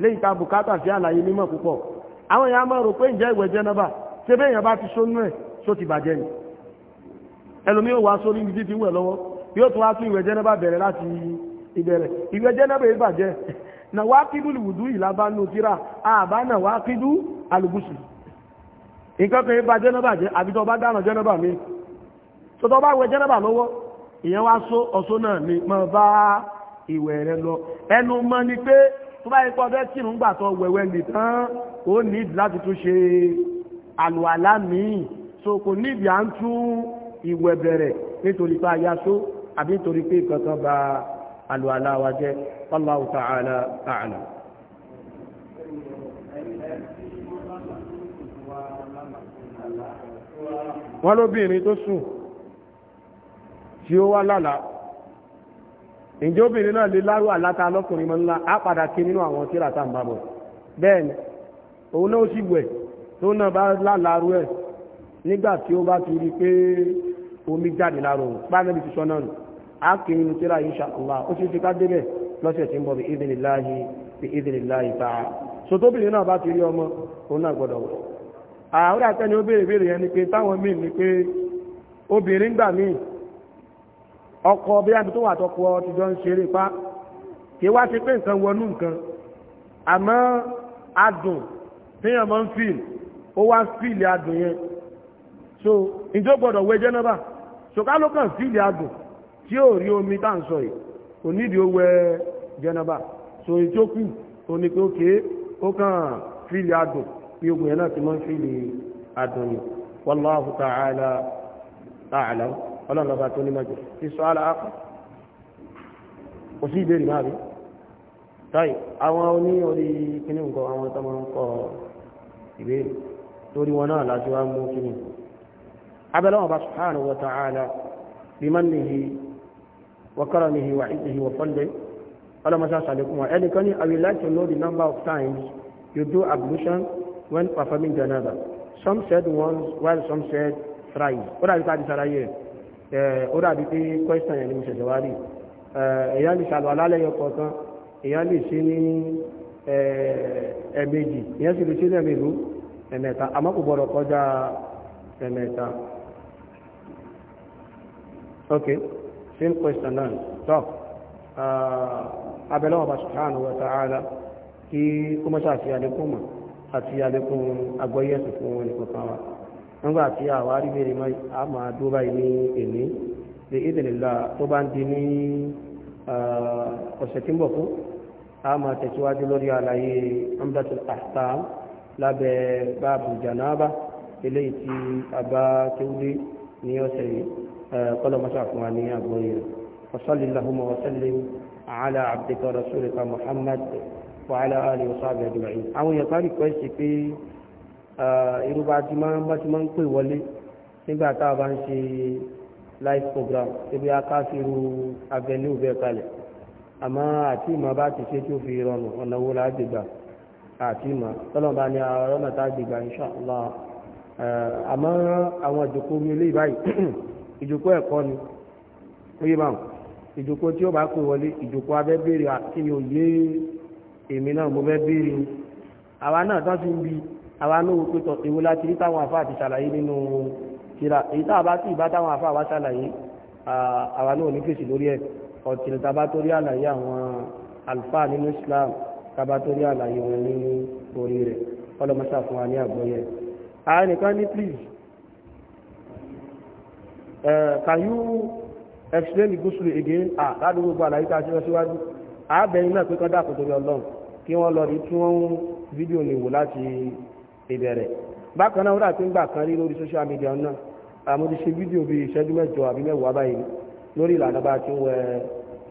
lẹ́yìn tá bùkátà sí àlàyé mímọ̀ púpọ̀ àwọn èèyàn máa rò pé ǹjẹ́ ìwẹ̀ jẹ́nàbà ṣe bẹ́ èèyàn bá ti sónú ẹ̀ só ti bàjẹ́ ni ẹlòmí ò wá sórí ibi títí wẹ̀ lọ́wọ́ yóò tún wá tún ìwẹ̀ jẹ́nàbà bẹ̀rẹ̀ láti ìbẹ̀rẹ̀ ìwẹ̀ jẹ́nàbà yìí bàjẹ́ <laughs> na wá kídú lùwùdú ìlàbánú tíra àbá na wá kídú alùgúsù nǹkan kan bá mi tó tó bá wẹ̀ jẹ́nàbà lọ́wọ́ ìyẹn wá só ọ̀só náà ni mọ̀ tó bá yẹ pé ọbẹ̀ kírun gbà tó wẹ̀wẹ̀ lè tán ó nídìí láti tún ṣe àlùwàlá míì so kò nídìí à ń tú ìwẹ̀ bẹ̀rẹ̀ nítorí pé ayaṣó àbí nítorí pé ìkankan ba àlùwàlá wa jẹ́ Allahu ta'ala a'lam. wọ́n lóbìnrin tó sùn tí ó wá lálàá ǹjẹ́ obìnrin náà lè lárú àláta lọ́kùnrin mọ́ ńlá á padà kí nínú àwọn tíra tá ń bá bọ̀ bẹ́ẹ̀ ni òun náà sì wẹ̀ tó náà bá lálàárú ẹ̀ nígbà tí ó bá ti rí pé omi jáde lára òun pánẹ́lì ti sọ náà nù á kí nínú tíra insha Allah ó sì fi ká débẹ̀ lọ́sẹ̀ tí ń bọ̀ bí idhnillahi bí bá ni pé táwọn míì ni pé obìnrin gbà ọkọ̀ bí i tó wà tọkọ ti jọ ń ṣeré pa kí wá ṣe pé nǹkan wọnú nǹkan àmọ́ adùn tíyàn mọ́ ń fìl ó wá fìlì adùn yẹn so ìjọ gbọ́dọ̀ wẹ jẹ́nàbà so ká ló kàn fìlì adùn tí ó rí omi tá ń sọ yìí kò nídìí ó wẹ jẹ́nàbà so èyí kù ó ní pé ókè ó kàn fìlì adùn bí ogun yẹn náà ti mọ́ ń adùn yìí wallahu ta'ala a'lam ọlọ́run ọba tó nímọ̀ jù sísọ aláàkọ́ kò sí ìbéèrè máa rí táì àwọn oní orí kíní nǹkan àwọn tó ń kọ ìbéèrè torí wọn náà láti wá mú kíní abẹ́lẹ́ bá subhanahu wa i will like to know the number of times you do ablution when performing janaba some said once while some said thrice What are you di sára here? Eh, ó dàbí pé question yẹn ni mo ṣẹ̀ṣẹ̀ wá rí eh, èèyàn lè ṣàlọ́ alálẹ̀ yọ kọ̀ọ̀kan èèyàn lè ṣe ní eh, ẹ̀ẹ̀mejì èèyàn sì lè ṣe ní ẹ̀mẹ̀lú ẹ̀mẹ̀ta àmọ́ kò gbọ́dọ̀ kọjá ẹ̀mẹ̀ta ok same question náà tọ́ abẹ́lẹ́ ọba subhanahu wa ta'ala kí kó mọ́ṣáàṣì àlékún mọ̀ àti àlékún agbọ́yẹ̀sì fún ẹnìkọ̀ọ̀kan wa. nígbà tí àwa rí bèrè mọ́ a máa dúró báyìí ní èmi lè ìdìlélà tó bá ń di ní ọ̀sẹ̀ tí ń bọ̀ fún a máa tẹ̀síwájú lórí àlàyé amdatul ahkam lábẹ́ báàbù jànáàbà eléyìí tí a bá kéwúdé ní ọ̀sẹ̀ yìí kọ́lọ́mọ́sá wa ní àgbọ̀yìn أو يطارق كويس في irúgbà tí wọ́n ti máa ń pè wọlé nígbà tá a bá ń ṣe live program ebi akáṣirú avenue bẹ́ẹ̀ kalẹ̀ àmọ́ àti ìmọ̀ bá ti ṣe tí ó fi rọrùn ọ̀nà wo la gbègbà àti ìmọ̀ tọ́lọ́ba ni ọ̀rọ̀ náà tá a gbègbà insha Allah ah, àmọ́ àwọn ìjòkó mi lè báyìí <clears throat> ìjòkó ẹ̀kọ́ ni oye máa ìjòkó tí ó bá kó wọlé ìjòkó abẹ́ béèrè àti òye èmi náà mo fẹ́ béèrè àwa náà tó ti ń bi àwa náà pé tọ̀ èwo láti rí táwọn àfáà ti ṣàlàyé nínú tírà èyí tá a bá sì bá táwọn àfáà wá ṣàlàyé àwa náà ní fèsì lórí ẹ̀ ọ̀tìlì tàbá àlàyé àwọn àlùfáà nínú Islam tàbá àlàyé wọn nínú orí rẹ̀ ọlọ́mọṣà fún wa ní àgbọ́yẹ̀ ààrẹ nìkan ní please can you explain the gospel again ah láti gbogbo àlàyé tá a ṣe lọ́síwájú àábẹ̀yìn náà pé kọ́ dà kòtòrí ọlọ́run kí wọ́n lọ rí tí wọ́n ń fídíò lè wò láti ìbẹ̀rẹ̀ bákan náà wúrà ń gbà kan rí lórí social media náà àmójú fídíò bíi ìṣẹ́jú mẹ́jọ àbí mẹ́wàá báyìí lórí ìlànà bá ti ń wẹ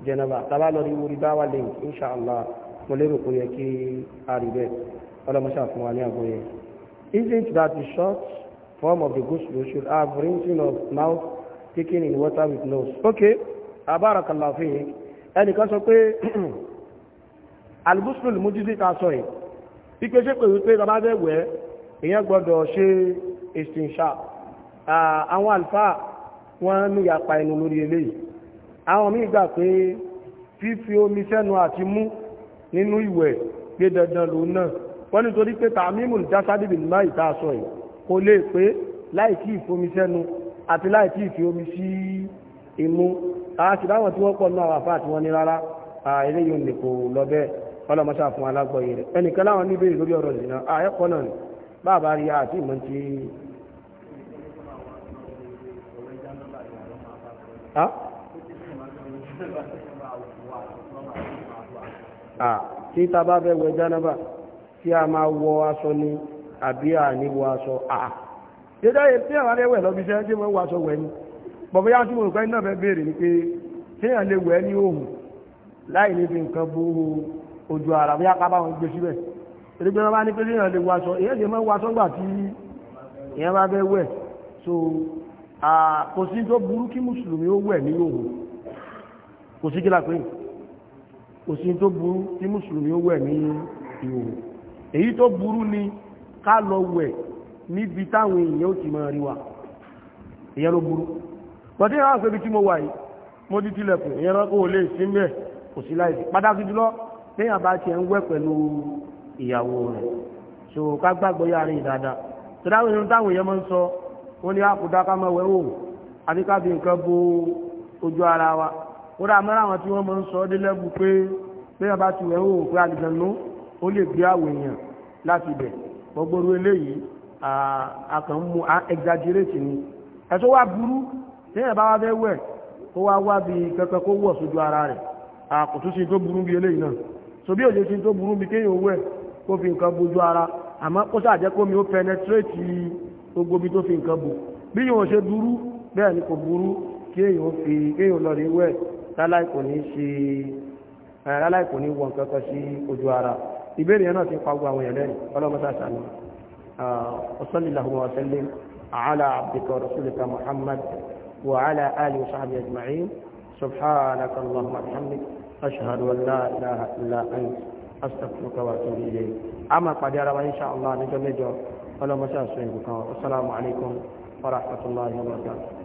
jẹnaba tàbá lọ orí bá wà link inṣàlá mo lérò yẹ kí a rí bẹ́ẹ̀ ọlọ́mọṣà fún wa ní àgọ́ yẹn isn't that the short form of the ghusl should have rinsing of mouth taken in water with nose okay abarakallah fi ẹnìkan sọ pé <clears throat> al-ghusl al-mujzi ká sọ yìí pípé ṣe pé wípé bàbá fẹ́ wẹ̀ èyàn gbọ́dọ̀ ṣe ìsìnṣà àwọn àlùfáà wọ́n ní yapa ẹnu lórí eléyìí àwọn míì gbà pé fífi omi sẹ́nu àti mú nínú ìwẹ̀ pé dandan lòun náà wọ́n nítorí pé tàmímù jásádìbì náà ìta sọ yìí kò lè pé láì tí ìfomi sẹ́nu àti láì tí ìfi omi sí imú àti láwọn tí wọ́n pọ̀ náà àfáà tí wọ́n ní rárá eléyìí ò lè lọ bẹ́ẹ̀ ọlọ́mọṣà fún alágbọ̀yẹ̀ rẹ̀ ẹnìkan láwọn níbẹ̀ lórí ọ̀rọ̀ ìrìnà ààyẹ́kọ́ náà ni bàbá rí àti ìmọ̀ tí tí ta bá fẹ́ wẹ̀ jánábà tí a máa wọ aṣọ ní àbí àníwọ aṣọ àà jẹjọ́ yẹ tí àwọn ẹwẹ̀ lọ bí iṣẹ́ tí wọ́n wọ aṣọ wẹ̀ ní bọ̀bọ̀ yá tí mo rùpẹ́ náà fẹ́ bèèrè ní pé tí èèyàn lè wẹ̀ ní òhùn láì ní fi nǹkan bú ojú ara bí a ká gbé síbẹ̀ torí pé wọ́n bá ní pé léèyàn lè waṣọ èyàn lè máa waṣọ gbà tí èyàn bá fẹ́ wẹ̀ so kò sí tó burú kí mùsùlùmí ó wẹ̀ ní òhù kò sí kí lápé kò sí tó burú kí mùsùlùmí ó wẹ̀ ní ìhòhò èyí tó burú ni ká lọ wẹ̀ níbi táwọn èèyàn ó ti máa rí wa èyàn ló burú pọ̀tí ìrìn àwọn ibi tí mo wà yìí mo ti tilẹ̀kùn èyàn lọ́kọ̀ ò lè sí mẹ́ kò sí láìsí pàtàkì jùlọ ìyàwó rẹ̀ so ká gbàgbọ́ yà rìn dáadáa tó dáwọn ènìyàn táwọn èèyàn máa ń sọ wọ́n ní àkùdá ká máa wẹ̀wò àbí ká fi nǹkan bo ojú ara wa ó dá mọ́ra àwọn tí wọ́n máa ń sọ dé lẹ́bù pé pé bàbá ti wẹ̀wò pé àlìjẹ̀nú ó lè gbé àwọn láti bẹ̀ gbogbo eléyìí àkàn mú exaggerate ni ẹ̀tọ́ wa burú tí ẹ̀bá wá fẹ́ wẹ̀ ó wá wá bí kẹ́kẹ́ kó wọ̀ sójú ara rẹ̀ àkùtúsí tó burú bí eléyìí náà so òjò sí tó burú bí kéèyàn wẹ̀ kó fi nǹkan bojú ara àmọ́ kó sàjẹ́ kó mi ó penetrate gbogbo bí tó fi nǹkan bò bí yóò ṣe burú bẹ́ẹ̀ ni kò burú kí èyàn fi kéyàn lọ rí wẹ̀ láláì kò ní ṣe láláì kò ní wọ nǹkan kan sí ojú ara ìbéèrè yẹn náà ti pa gbogbo àwọn èèyàn lẹ́nu ọlọ́mọta sàmì ọ̀sánlélàhùn ọ̀sánlé àhálà àbdìkọ̀ rasulika muhammad wa ala ali wa sahbihi ajma'in subhanaka allahumma wa bihamdik ashhadu an la ilaha illa anta astaghfiruka wa atubu ilayk a máa pàdé ara wa insha allah níjọ́ mẹ́jọ ọlọ́mọṣẹ́ àṣọ ìbùkún wa assalamu alaikum wa